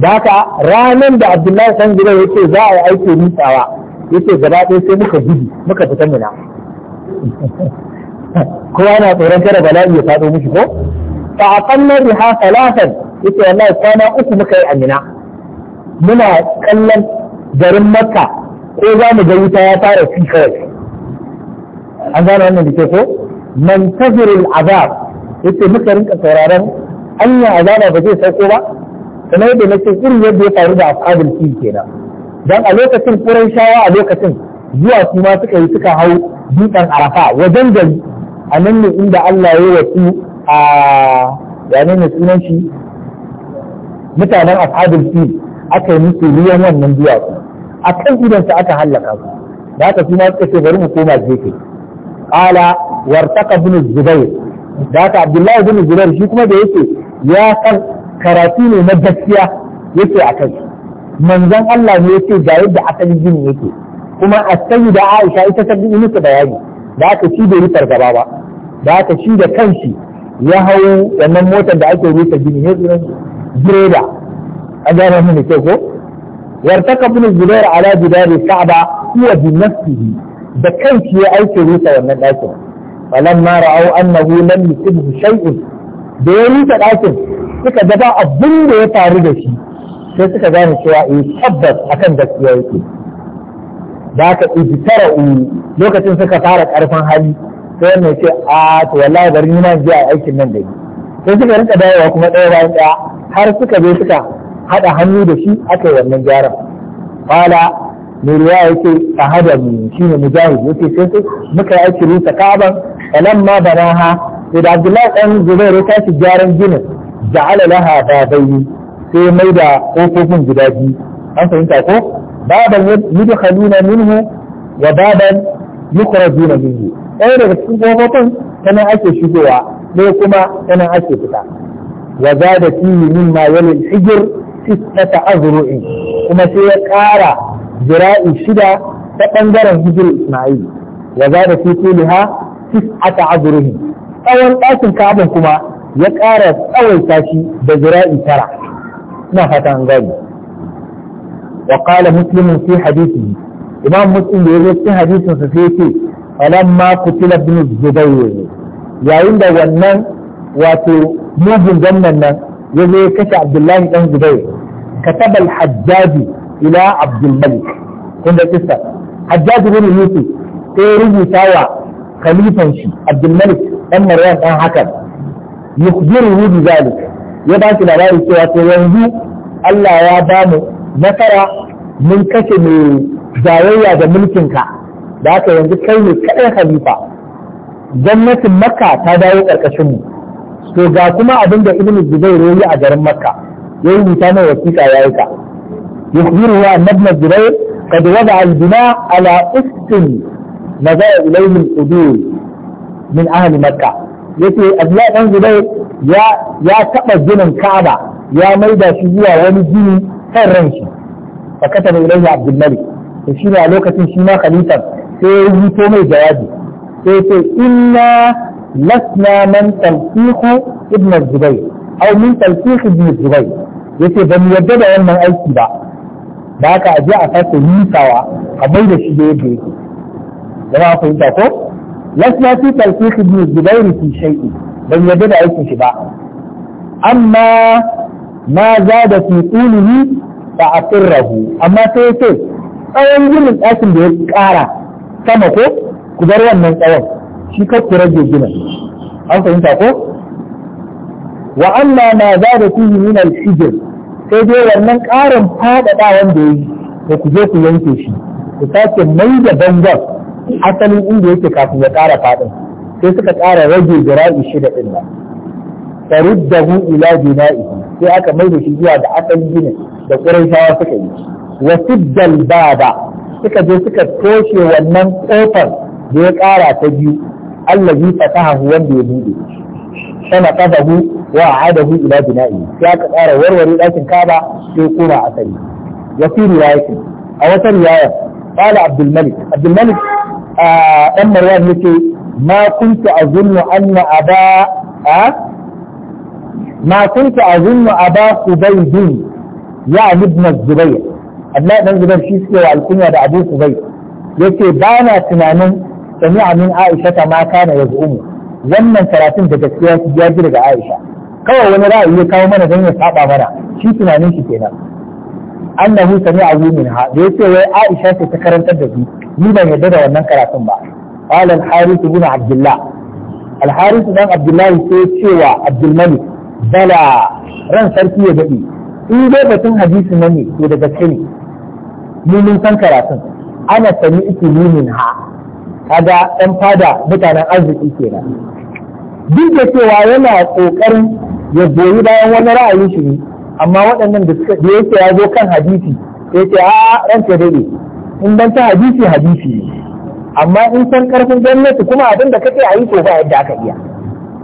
da haka ranar da abdullahi san gida ya ce za a yi aiki nutsawa ya ce gaba ɗaya sai muka gudu muka fita mina kowa yana tsoron kada bala'i ya faɗo mushi ko fa kallon riha salatan ce wallahi kwana uku muka yi amina muna kallon garin makka ko za mu ga wuta ya fara fi kawai an gane wannan da ke ko man tazirin azab ce muka rinka sauraron anya azaba ba zai sauko ba kamar yadda na ce irin yadda ya faru da ashabul fil kenan dan a lokacin quraishawa a lokacin zuwa su ma suka yi suka hau dutsen arafa wajen gari a nan ne inda Allah ya wasu a yane ne sunan shi mutanen ashabul fil aka yi musu ruwan wannan duwatsu a kan su aka hallaka su da aka suna suka ce bari mu koma gefe qala wartaka bin zubair da aka abdullahi bin zubair shi kuma da yake ya san karatu ne na gaskiya yake a kai manzon Allah ne yake ga yadda asalin gini yake kuma a da Aisha ita ta bi musu bayani da aka ci da rufar gaba ba da aka ci da kanshi ya hau wannan motar da ake rufe gini ne tsunan gireda a gane mu ne ke ko wartaka bin zubair ala jidari ka'ba huwa bi nafsihi da kanshi ya aike rufe wannan dakin falamma ra'au annahu lam yusibhu shay'un da ya rufe dakin suka gaba abin da ya faru da shi sai suka gane cewa eh tabbas akan gaskiya yake da ka ijtara lokacin suka fara karfin hali sai wannan ce a to wallahi bari ni ma je a aikin nan da ni sai suka rinka dawowa kuma ɗaya bayan ɗaya har suka je suka haɗa hannu da shi aka yi wannan gyaran qala mai ruwa yake sahaba mu shine mujahid yace sai sai muka yi aiki rusa kaban falan ma banaha sai da Abdullahi dan zubairu ya tashi gyaran ginin ja'ala laha sai mai da kofofin guda biyu an fahimta ko baban yudkhaluna minhu wa baban yukhrajuna minhu ɗaya daga cikin kofofin tana ake shigowa ɗaya kuma tana ake fita wa zada fihi mimma yalil hijr sittata azru'in kuma sai ya ƙara jira'i shida ta bangaren hijir isma'il wa zada fi kuliha tis'ata azru'in tsawon ɗakin kabin kuma ya ƙara tsawaita shi da zira'i tara ina fata an gani wa qala muslimun fi hadithihi imam muslim da yazo cikin hadisin sa sai yace falamma qutila ibn zubayr yayin da wannan wato mugun gwamnan nan yazo ya kashe abdullahi dan zubayr kataba al-hajjaji ila abdul malik kun da kissa hajjaji bin yusuf sai rubuta wa khalifan shi abdul malik dan marwan dan hakan yukhbiruhu bi zalik ya ba shi labari cewa to yanzu Allah ya ba mu nasara mun kashe mai jayayya da mulkinka da haka yanzu kai ne kaɗai halifa gwamnatin makka ta dawo ƙarƙashin mu to ga kuma abin da ibnu zubair yayi a garin makka yayi wuta mai wasiƙa ya yi ka yukhbiru wa annabna zubair qad wada al ala ustin nazara ilayhi al-udur min yake Abdullahi dan Zubair ya ya taba ginin kaba ya maida shi zuwa wani gini kan ranshi shi fa kataba ilayhi Abdul Malik to shi ne a lokacin shi ma khalifa sai ya rubuto mai jawabi sai ce inna lasna man talqihu ibn Zubair aw min talqihi ibn Zubair yace ban yadda da wannan aiki ba Ba ka aje a sake nisawa a da shi da yadda yake jama'a fahimta ko lasna fi talfiq ibn zubair fi shay'in ban yarda da aikin shi ba amma ma zada fi tulihi fa aqirrahu amma sai ce tsawon ginin ɗakin da ya ƙara sama ko ku bar wannan tsawon shi kar ku rage ginin an fahimta ko wa amma ma zada fihi min al-hijr sai dai wannan ƙarin faɗaɗawan da ya yi ku je ku yanke shi ku sake mai da bangon asalin inda yake kafin ya ƙara faɗin sai suka ƙara rage jira'i shida ɗin nan faruddahu ila bina'i sai aka mai da shi zuwa da asalin ginin da ƙurayshawa suka yi wasiddal baba suka je suka toshe wannan ƙofar da ya ƙara ta biyu Allah allazi fatahahu wanda ya buɗe sana qadahu wa a a'adahu ila bina'i sai aka ƙara warware ɗakin kaba sai koma asali wa fi riwayati a wata riwaya قال عبد الملك عبد الملك ɗan Maryam yake ma kuntu azunnu anna aba a ma kuntu azunnu aba Qubaydin ya Allah dan shi suke wa alkunya da Abu Qubayd yace ba na tunanin sami amin Aisha ta ma kana yaz'umu wannan karatun da gaskiya ya ji daga Aisha kawai wani ra'ayi ya kawo mana don ya saba mana shi tunanin shi kenan annahu sami'ahu minha da yace wai Aisha ce ta karantar da shi ni ban yarda da wannan karatun ba qala al-harith ibn abdullah al-harith dan abdullah sai cewa abdul malik bala ran sarki ya dadi in dai batun hadisi nan ne to da gaske ne mu mun san karatun ana sami'tu minha kaga dan fada mutanen arziki kenan duk da cewa yana kokarin ya goyi bayan wani ra'ayin shi ne amma waɗannan da suka da yake ya zo kan hadisi ya ce a ta dai in dan ta hadisi hadisi ne amma in san karfin gwamnati kuma abin da kake a yi to ba yadda aka iya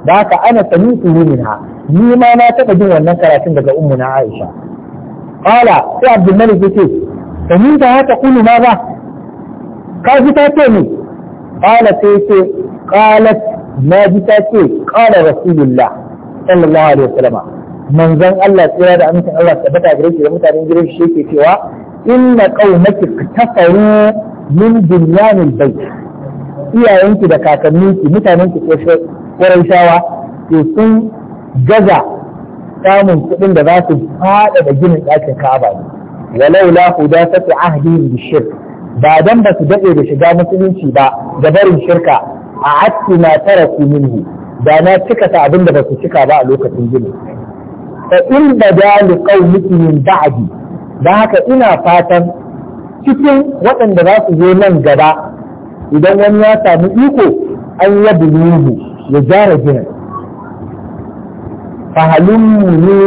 da haka ana sami tsoro min ha ni ma na taɓa jin wannan karatun daga ummu na Aisha qala sai Abdul Malik yace sami ta haka kullu ma ba ka ji ta ce ni qala sai ce qalat na ji ta ce qala rasulullah sallallahu alaihi wasallam manzon Allah tsira da amincin Allah tabbata gare shi da mutanen gidan shi yake cewa inna qaumaki kafaru min dunyanil bayt iyayenki da kakanninki mutanen ki ko shawa to sun gaza samun kuɗin da za su fada da ginin ɗakin Ka'aba ne walau la hudasatu ahdihim bishirk ba dan ba su dade da shiga musulunci ba da barin shirka a atti ma taraku minhu da na cika ta abin da ba su cika ba a lokacin gini fa in bada li qaumiki min ba'di dan haka ina fatan cikin waɗanda za su zo nan gaba idan wani ya samu iko an ya buluhu ya gyara ginin fahalummu ne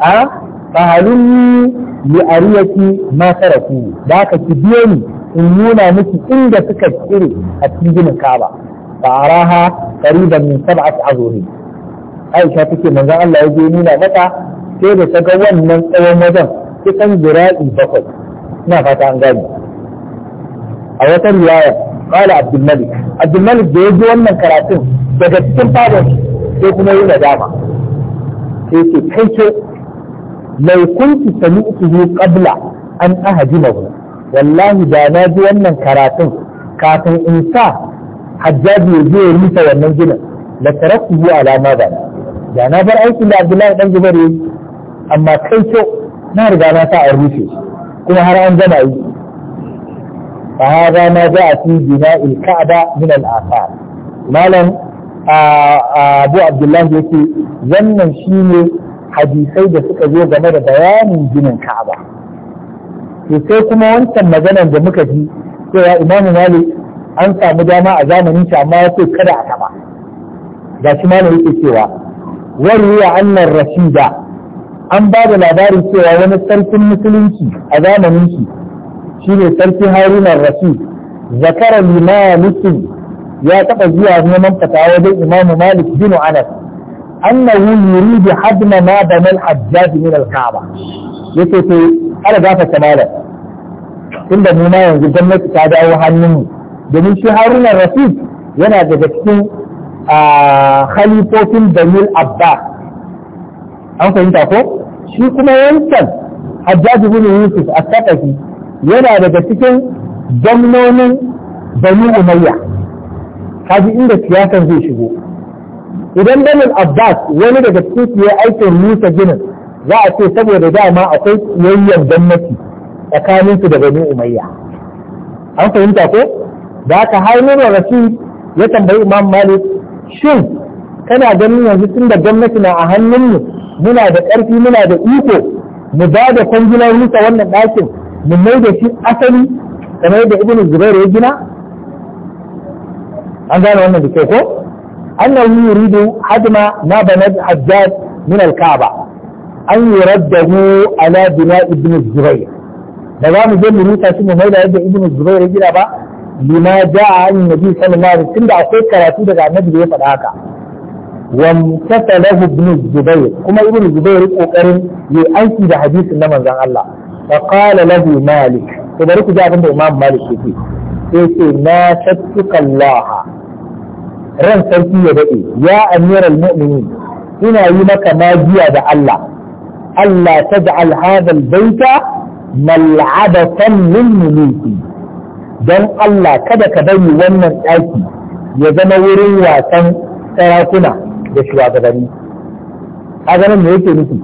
a fahalummu li ariyaki ma sarafu da haka ki biyo ni in nuna miki inda suka tsire a cikin ginin kaba faraha qariban min sab'ati aisha take manzon Allah ya je nuna mata sai da ta ga wannan tsawon wajen kusan jira'i bakwai ina fata an gani a wata riwaya kala abdulmalik abdulmalik zai da ya ji wannan karatun daga cikin fadar sai kuma yi nadama sai ce kai ce mai kunti sami'tuhu qabla an ahdimahu wallahi da na ji wannan karatun kafin in sa hajjaji ya je ya rusa wannan ginin la taraktuhu ala ba da na bar aikin da Abdullahi dan Zubair yi amma kai kyau na riga na sa an rufe kuma har an gama yi fa hada ma ja'a fi bina'il ka'ba min al malam Abu Abdullahi yake wannan shine hadisai da suka zo game da bayanin ginin Ka'aba to sai kuma wancan maganar da muka ji cewa Imam Malik an samu dama a zamanin shi amma ya kada a taba shi malam yake cewa Wan wariya annar rashida an ba da labarin cewa wani sarkin musulunci a zamanin shi shine sarki haruna rashid zakara limalikin ya taɓa zuwa neman fatawa wajen imamu malik bin anas annahu yuridu hadma ma bana al-hajjaj min al-ka'ba yace to ala gafa kamala tunda mu ma yanzu gwamnati ta dawo hannun mu domin shi haruna rashid yana daga cikin khalifofin banil abbas an fahimta ko shi kuma yankan hajjaji bin yusuf a sakaki yana daga cikin gwamnonin bani umayya kaji inda siyasan zai shigo idan banil abbas wani daga cikin ya aikin musa ginin za a ce saboda dama akwai yayyar gwamnati tsakaninsu da bani umayya an fahimta ko da haka har nuna rashid ya tambayi imam malik shin kana ganin yanzu tun da gwamnati na a hannunmu muna da ƙarfi muna da iko mu ba da kwangilar rusa wannan ɗakin mu mai da shi asali kamar da ibn Zubairu ya gina an gane wannan da ke ko annahu ridu hadma na banat hajjaj min al-ka'ba an yuraddahu ala bina ibn Zubairu da za mu je mu rusa shi mu mai da yadda ibn Zubairu ya gina ba bima da'a an nabi sallallahu alaihi tunda akwai karatu daga annabi da ya faɗa haka wa mutasalahu ibn zubair kuma ibn zubair kokarin yi aiki da hadisi na manzon Allah fa qala lahu malik to bari ku ji abin da imam malik yake sai na shattuka Allah ran sarki ya dade ya amiral mu'minin ina yi maka magiya da Allah Allah taj'al hadha al-baita mal'abatan lil muluki don Allah kada ka bari wannan ɗaki ya zama wurin wasan sarakuna da shugabanni kaga nan me yake nufi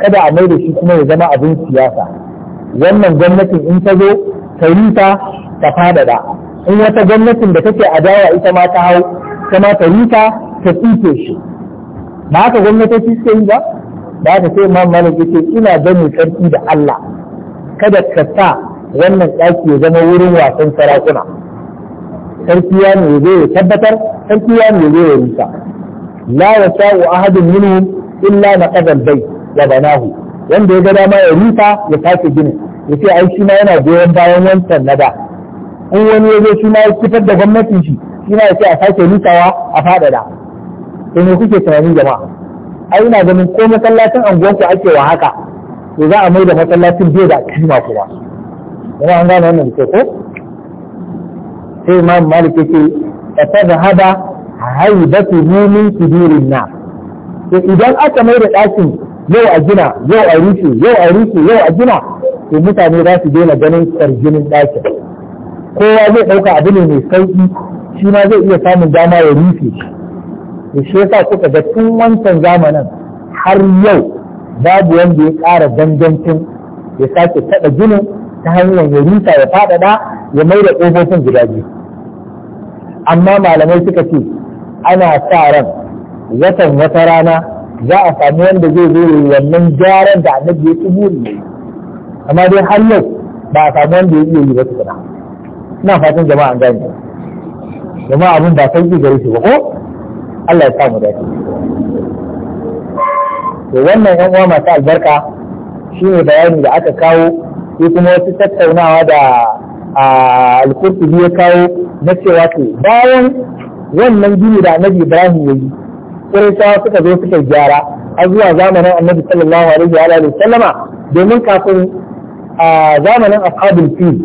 kada a mai da shi kuma ya zama abin siyasa wannan gwamnatin in ta zo ta yi ta ta fadada in wata gwamnatin da take adawa ita ma ta hau ta ma ta yi ta ta tsike shi ba haka gwamnatoci suke yi ba ba haka sai imam malik yake ina gani sarki da Allah kada ka sa wannan ɗaki ya zama wurin wasan sarakuna sarki ya ne zai tabbatar sarki ya ne zai rusa la ya sha'u ahadin minhum illa na qadal bai wa banahu wanda ya ga dama ya rusa ya tashi ginin yace ai shi ma yana goyon bayan wancan na da in wani ya zo shi ma ya fitar da gwamnatin shi shi ma yace a sake rusawa a faɗaɗa to me kuke tunanin jama'a ai ina ganin ko masallacin anguwanku ake wa haka to za a mai da masallacin bai da kima kuma kuma an gane wannan ce ko sai ce ta ta da hada haibatu min kibirin na to idan aka mai da ɗakin yau a gina yau a rufe yau a rufe yau a gina to mutane za su daina ganin sarjinin ɗakin kowa zai ɗauka abu ne mai sauƙi shi ma zai iya samun dama ya rufe shi to shi yasa kuka ga tun wancan zamanin har yau babu wanda ya ƙara dangantin ya sake taɓa ginin ta hanyar ya rusa ya faɗaɗa ya mai da ƙofofin guda biyu amma malamai suka ce ana sa ran watan wata rana za a sami wanda zai zo wannan gyaran da annabi ya ci ne amma dai har yau ba a sami wanda ya iya yi ba tukuna ina fatan jama'a an gane jama'a abin ba sauki gare shi ba ko Allah ya sa mu dace to wannan yan uwa masu albarka shine bayani da aka kawo sai kuma wasu tattaunawa da alkurtubi ya kawo na cewa to bayan wannan gini da annabi ibrahim ya yi ƙuraishawa suka zo suka gyara a zuwa zamanin annabi sallallahu alaihi wa sallama domin kafin a zamanin ashabul fil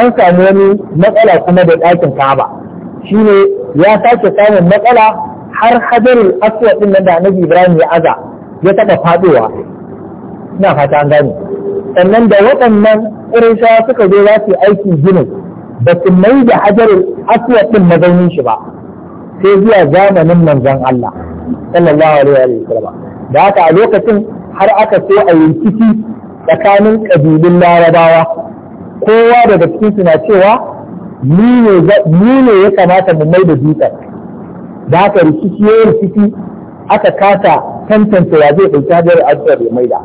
an samu wani matsala kuma da ɗakin kaba shine ya sake samun matsala har hajarul aswad din nan da annabi ibrahim ya aza ya taɓa faɗowa ina fata an gane sannan da waɗannan shawa suka zo za su aiki ginin ba su mai da hajarin aswad ɗin mazaunin shi ba sai zuwa zamanin manzon Allah sallallahu alaihi wa sallam da haka a lokacin har aka so a rikici tsakanin ƙabilun larabawa kowa daga cikin suna cewa ni ne ya kamata mu mai da dutsen da haka rikici ya rikici aka kata tantance ya zai ɗauki hajar aswad ya maida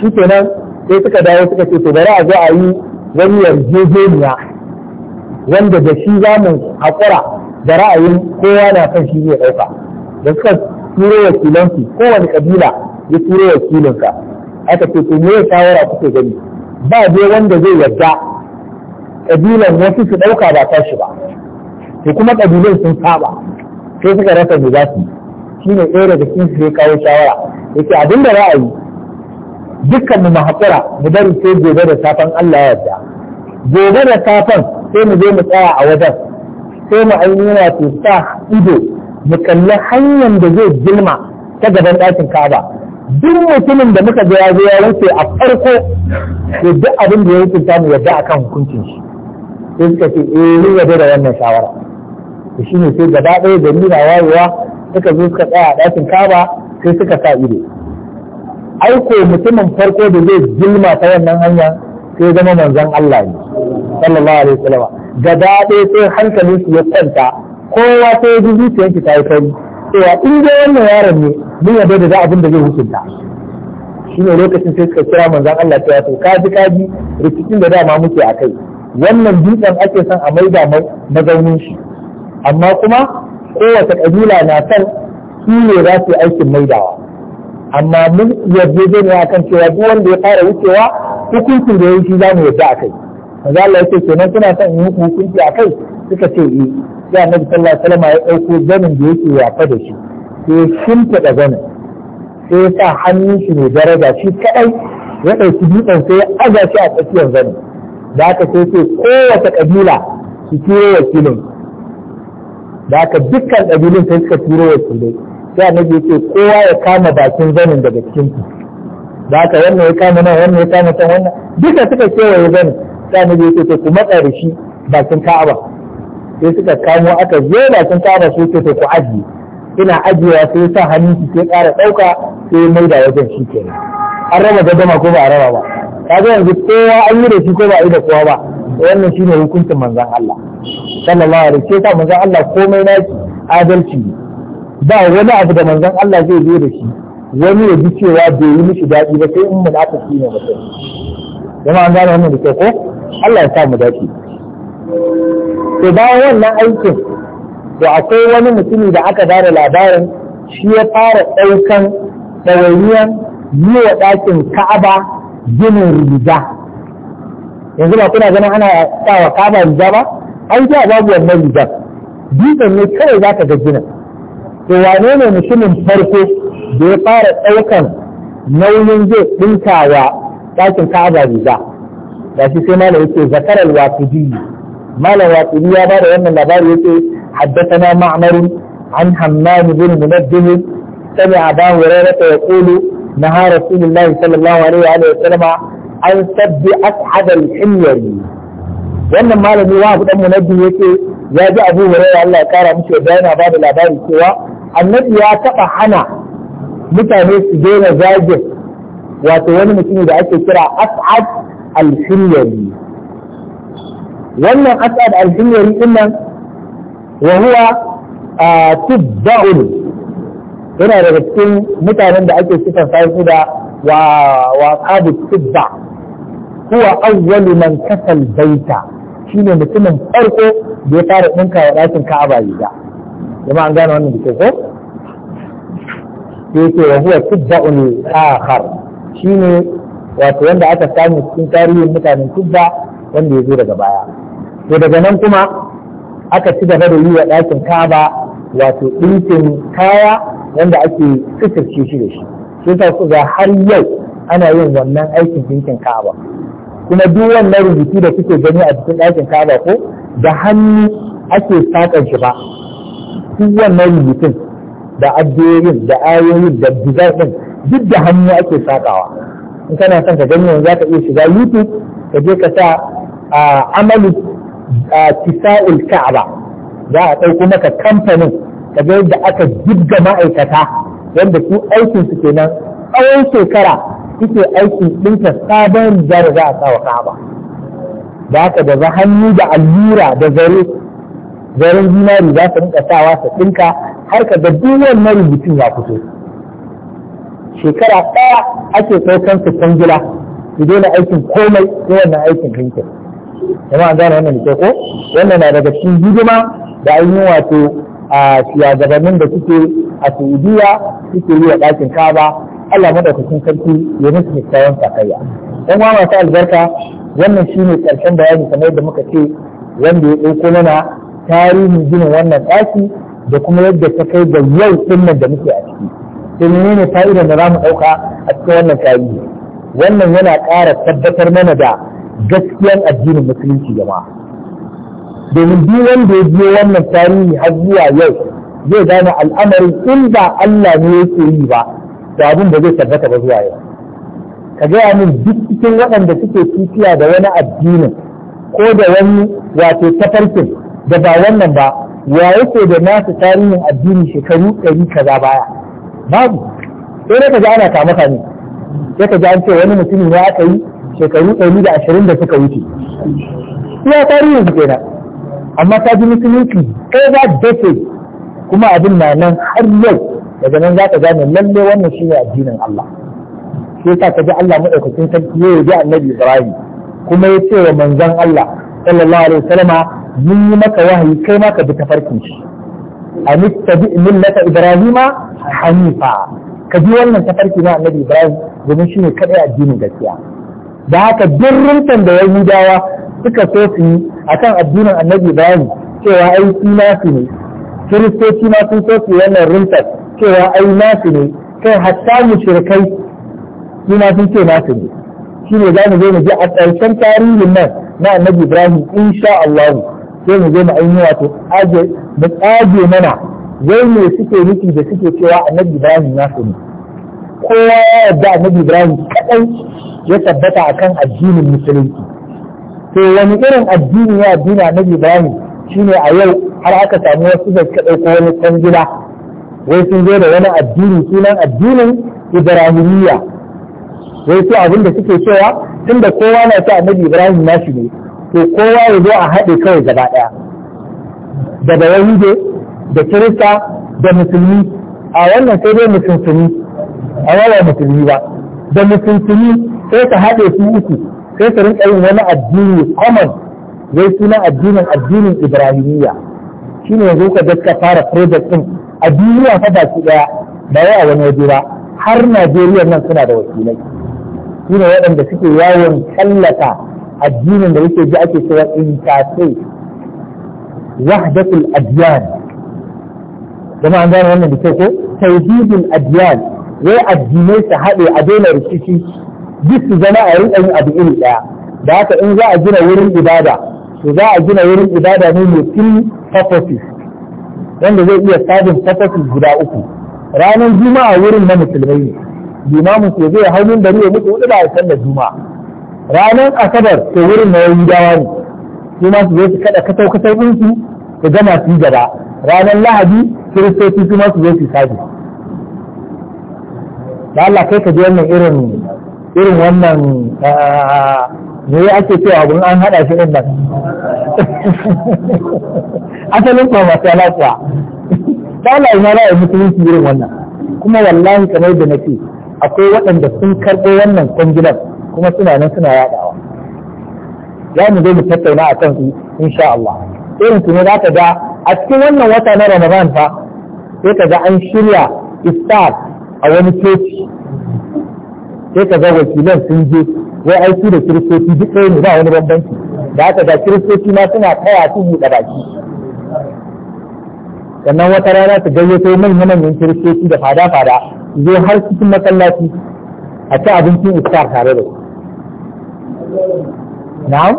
shi kenan sai suka dawo suka ce to bari a zo a yi wani yarjejeniya wanda da shi za mu haƙura da ra'ayin kowa na kan shi ne ɗauka da suka turo wakilansu kowane kabila ya turo wakilinka, aka ce to me shawara kuke gani ba dai wanda zai yarda kabilan wasu su ɗauka ba shi ba to kuma kabilun sun saba sai suka rasa me za su yi shine ɗaya daga cikin su ya kawo shawara yake abin da ra'ayi dukkan mu haƙura mu bari sai gobe da safen Allah yadda gobe da safen sai mu zo mu tsaya a wajen sai mu ainihin wato sa ido mu kalli hanyar da zai gilma ta gaban ɗakin kaba. duk mutumin da muka ga ya zo ya wuce a farko to duk abin da ya hukunta mu yadda akan hukuncin shi sai suka ce eh ni yadda da wannan shawara to shine sai gaba ɗaya da na wayewa suka zo suka tsaya a ɗakin kaba, sai suka sa ido aiko mutumin farko da zai gilma ta wannan hanya sai zama manzon Allah ne sallallahu alaihi wasallam gaba ɗaya sai hankalin su ya kwanta kowa sai ya ji zuciyar ta yi kai cewa in dai wannan yaron ne mun yadda da za abin da zai hukunta shi ne lokacin sai suka kira manzon Allah ta to kaji kaji rikicin da dama muke a kai wannan dutsen ake son a maida mazaunin shi amma kuma kowace kabila na son shi ne za su aikin maidawa amma mun yarda ne akan cewa duk wanda ya fara wucewa hukuncin da yi shi za mu yarda a kai. Allah yake kenan kuna son in hukunci akai suka ce eh sai Annabi sallallahu alaihi wasallam ya ɗauko zanin da yake wafa da shi sai shinta da zanin sai sa hannun shi mai daraja shi kaɗai, ya dauki dutsen sai ya aza shi a tsakiyar zanin da aka sai sai kowace kabila su turo wakilin da aka dukkan kabilun sai suka turo wakilai sai annabi ya ce kowa ya kama bakin zanin daga cikin ku da haka wannan ya kama nan wannan ya kama can wannan duka suka kewaye zanin sai annabi ya ce to ku matsa da shi bakin ka'aba sai suka kamo aka zo bakin ka'aba sai ce to ku ajiye ina ajiyewa sai sa hannun shi sai ƙara ɗauka sai mai da wajen shi kenan an raba gadama ko ba a raba ba kaga yanzu kowa an yi da shi ko ba a yi da kowa ba wannan shine hukuncin manzon Allah sallallahu alaihi wasallam manzon Allah komai na adalci ne ba wani abu da manzon Allah zai zo da shi wani ya ji cewa bai yi miki daɗi ba sai in munafiki ne mutum jama'a an gane wannan da kyau ko Allah ya sa mu dace to bayan wannan aikin da akwai wani mutumi da aka bada labarin shi ya fara ɗaukan ɗawainiyar yi wa ɗakin ka'aba ginin riga yanzu ba kuna ganin ana sawa ka'aba riga ba an ji babu wannan riga dutsen ne kawai za ka ga ginin to wane ne mutumin farko da ya fara ɗaukan nauyin zai ɗinka wa ɗakin ka'aba riga da shi sai malam yake zakarar waqidi malam waqidi ya bada wannan labari yake haddathana ma'mar an hammam bin munaddih sami abu hurairah ta yaqulu naha rasulullahi sallallahu alaihi wa sallama an sabbi ashab al-himyari wannan malami wa abu dan munaddih yake ya ji abu hurairah Allah ya kara mishi da yana da labari cewa annabi ya taɓa hana mutane su daina zagin wato wani mutum da ake kira as'ad al-hinyari wannan as'ad al-hinyari din nan wa huwa tubba'un yana daga cikin mutanen da ake cikin su da wa wa qabu tibba huwa awwalu man kasal baita shine mutumin farko da ya fara dinka wa dakin Ka'aba yiga jama'a an gane wannan da ko ce wa huwa tibba'ul akhar shine wato wanda aka samu cikin tarihin mutanen kubba wanda ya zo daga baya to daga nan kuma aka ci gaba da yi wa ɗakin kaba wato ɗinkin kaya wanda ake fitirce shi da shi shi ta ga har yau ana yin wannan aikin ɗinkin kaba kuma duk wannan rubutu da kuke gani a cikin ɗakin kaba ko da hannu ake saƙa shi ba duk wannan rubutun da adduoyin da ayoyin da bizar duk da hannu ake sakawa in kana son ka gani yanzu zaka iya shiga YouTube ka je ka sa amalu tisa'il ka'aba za a ɗauko maka kamfanin ka ga yadda aka jibga ma'aikata wanda su aikin su kenan tsawon shekara suke aikin ɗinka sabon riga da za a sa wa ka'aba da haka da hannu da allura da zare zaren zinari za su rinka sawa ta ɗinka har ka da duk rubutun ya fito shekara ɗaya ake saukan su kwangila su daina aikin komai ko wannan aikin hankin kuma an gane wannan da ko wannan na daga cikin hidima da an yi wato a shugabannin da suke a saudiya suke yi wa ɗakin kaba allah madaukakin sarki ya musu kyakkyawan sakayya ɗan uwa masu albarka wannan shine ƙarshen bayani kamar yadda muka ce wanda ya ɗauko mana tarihin ginin wannan ɗaki da kuma yadda ta kai ga yau ɗin nan da muke a ciki sai menene fa'idar da za mu ɗauka a cikin wannan tarihi wannan yana ƙara tabbatar mana da gaskiyan addinin musulunci jama'a domin duk wanda ya biyo wannan tarihi har zuwa yau zai gane al'amarin in ba Allah ne yake yi ba da abin da zai tabbata ba zuwa yau ka gaya min duk cikin waɗanda suke tutiya da wani addinin ko da wani wato tafarkin da ba wannan ba wa yake da nasu tarihin addini shekaru ɗari kaza baya babu sai dai ka ana kama sai ka an ce wani mutum ne aka yi shekaru ɗari da ashirin da suka wuce iya tarihin su kenan amma ta ji musulunci kai za dace kuma abin na nan har yau daga nan za ka gane lalle wannan shi ne addinin Allah sai ka ji Allah maɗaukakin sarki ya yi annabi Ibrahim kuma ya ce wa manzon Allah sallallahu alaihi wasallama mun yi maka wahayi kai ma ka bi tafarkin shi an tabi millata ibrahima hanifa ka bi wannan tafarki na annabi ibrahim domin shi ne kadai addinin gaskiya da haka birrintan da yahudawa suka so su yi akan addinin annabi ibrahim cewa ai su nasu ne kiristoci ma sun so su wannan rintar cewa ai nasu ne kai hatta mushrikai su ma sun ce nasu ne shi ne za mu zo mu ji a ƙarshen tarihin nan na annabi ibrahim insha Allah sai mu zo mu ainihi wato aje mu tsage mana wai ne suke nufi da suke cewa annabi ibrahim ya su kowa ya yarda annabi ibrahim kaɗai ya tabbata akan addinin musulunci to wani irin addini ya addini annabi ibrahim shine a yau har aka samu wasu da suka ɗauko wani kwangila wai sun zo da wani addini sunan addinin ibrahimiyya wai su abin da suke cewa tunda kowa na ta annabi ibrahim na shi ne to kowa ya zo a haɗe kawai gaba ɗaya da da yahude da kirista da musulmi a wannan sai dai musulmi a yawa musulmi ba da musulmi sai ka haɗe su uku sai ka rinka yin wani addini common wai suna addinin addinin ibrahimiyya shine yanzu ka daska fara project din a duniya fa baki daya ba wai a wani waje ba har Najeriya nan suna da wakilai su ne waɗanda suke yawon tallata addinin da yake ji ake cewa intace wahdatul adyan zama an gane wannan da ke ko tauhidul adyan wai addinai su haɗe a daina rikici duk su zama a rinƙa yin abu iri ɗaya da haka in za a gina wurin ibada to za a gina wurin ibada ne mai three purposes wanda zai iya sabin purposes guda uku ranar juma'a wurin na musulmai ne limamin ke zai hau min bari ya mutu hudu ba ya sallar juma ranar asabar ke wurin na yayi dawa ne su ma su zai su kada kasau kasau din su su gama su gaba ranar lahadi kiristoci su ma su zai su sake da Allah kai ka je wannan irin irin wannan ah, me ya ake cewa abun an hada shi din nan asalin kuma masu alaƙa da Allah ya mutumin musulunci irin wannan kuma wallahi kamar da nake akwai waɗanda sun karɓo wannan kwangilar kuma suna nan suna yaɗawa ya mu zo mu tattauna a kan su insha Allah irin su za ka ga a cikin wannan wata na Ramadan fa sai ka ga an shirya iftar a wani coci sai ka ga wakilan sun je wai aiki da kiristoci duk ɗaya ne ba wani bambanci da aka ga kiristoci ma suna taya su buɗe baki sannan wata rana ta gayyato manya-manyan kiristoci da fada-fada zo har cikin masallaci a ci abincin iftar tare da na'am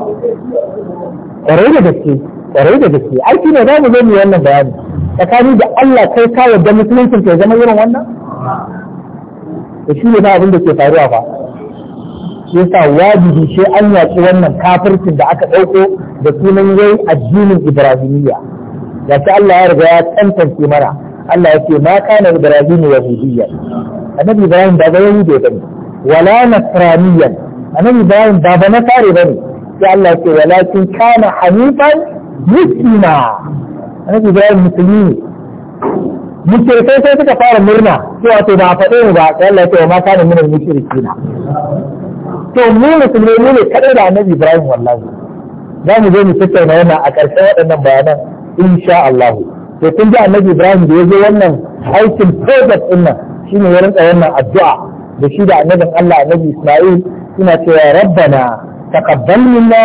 ƙwarai da gaske ƙwarai da gaske shi ne za mu zo mu wannan bayani tsakani da Allah kai ka da musuluncin ke zama irin wannan da shi ne ba abin da ke faruwa ba sa wajibi sai an yaƙi wannan kafircin da aka ɗauko da sunan yai addinin ibrahimiyya ya Allah ya riga ya tantance mana Allah yake ma kana Ibrahim yahudiyya annabi Ibrahim ba yahudi bane wala nasraniyya annabi Ibrahim ba ba nasari bane sai Allah yake walakin kana hanifan muslima annabi Ibrahim musulmi ne mushrikai sai suka fara murna cewa to ba a faɗe mu ba sai Allah ya ce ma kana minal mushrikina to mu musulmai mu ne kadai da annabi Ibrahim wallahi za mu je mu tattauna wannan a ƙarshen waɗannan bayanan insha Allah to kun ji annabi ibrahim da ya zo wannan aikin project din nan shine ya rinka wannan addu'a da shi da annabin allah annabi isma'il suna cewa rabbana taqabbal minna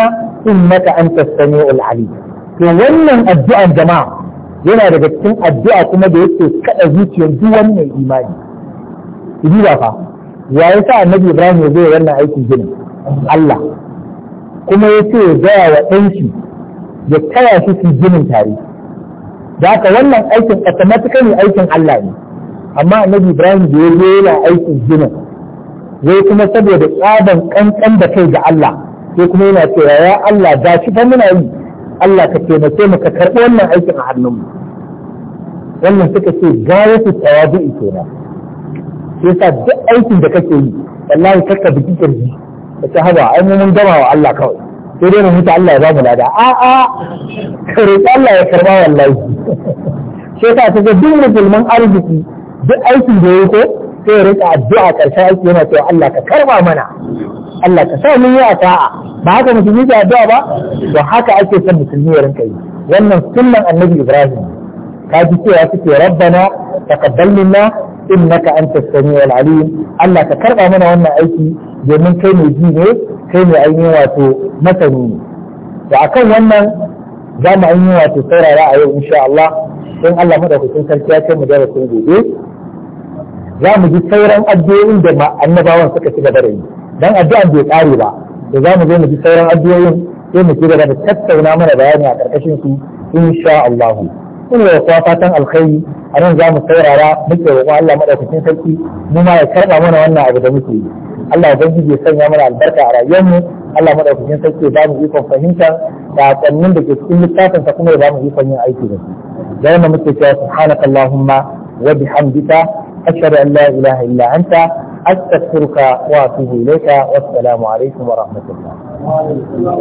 innaka antas samiul alim to wannan addu'an jama'a yana daga cikin addu'a kuma da yake kada zuciyar duk wannan imani idi ba fa ya sa annabi ibrahim ya zo wannan aikin ginin allah kuma ya ce ya gaya wa ɗanshi ya taya shi su ginin tare da haka wannan aikin automatically aikin Allah ne amma annabi Ibrahim da ya zo yana aikin ginin zai kuma saboda tsaban kankan da kai ga Allah sai kuma yana cewa ya Allah da shi fa muna yi Allah ka taimake mu ka karɓi wannan aikin a hannunmu wannan suka ce gayatu tawadu'i kenan sai sa duk aikin da kake yi wallahi kakka bi kirji ka ta haba ai mun gama wa Allah kawai sai dai mu huta Allah ya ba mu lada a a Allah ya karba wallahi sai ta ta duk musulman arziki duk aikin da ya ko sai ya rika addu'a karshen aiki yana cewa Allah ka karɓa mana Allah ka sa mun yi a ba haka musulmi ke addu'a ba to haka ake son musulmi ya rinka yi wannan sunnan annabi Ibrahim ka ji cewa suke rabbana taqabbal minna innaka antas samiul alim Allah ka karɓa mana wannan aiki domin kai mai ji ne kai mai ainihin wato masani ne da akan wannan za mu ainihin wato saurara a yau insha Allah don Allah madaukakin sarki ya ce mu da darasin gobe za mu ji sauran addu'o'in da annabawan suka ci gaba da yi dan addu'an bai kare ba da za mu zo mu ji sauran addu'o'in sai mu ci gaba da tattauna mana bayani a karkashin su insha Allah kun da kuwa fatan alkhairi a nan za mu saurara muke roƙon Allah madaukakin sarki mu ma ya karɓa mana wannan abu da muke yi Allah ya bangi ya sanya mana albarka a rayuwarmu Allah madaukakin sarki ya bamu ikon fahimta da kannin da ke cikin littafin sa kuma ya bamu ikon yin aiki da su da yana muke cewa subhanakallahumma wa bihamdika ashhadu an la ilaha illa anta astaghfiruka wa atubu ilayka wassalamu alaikum wa rahmatullah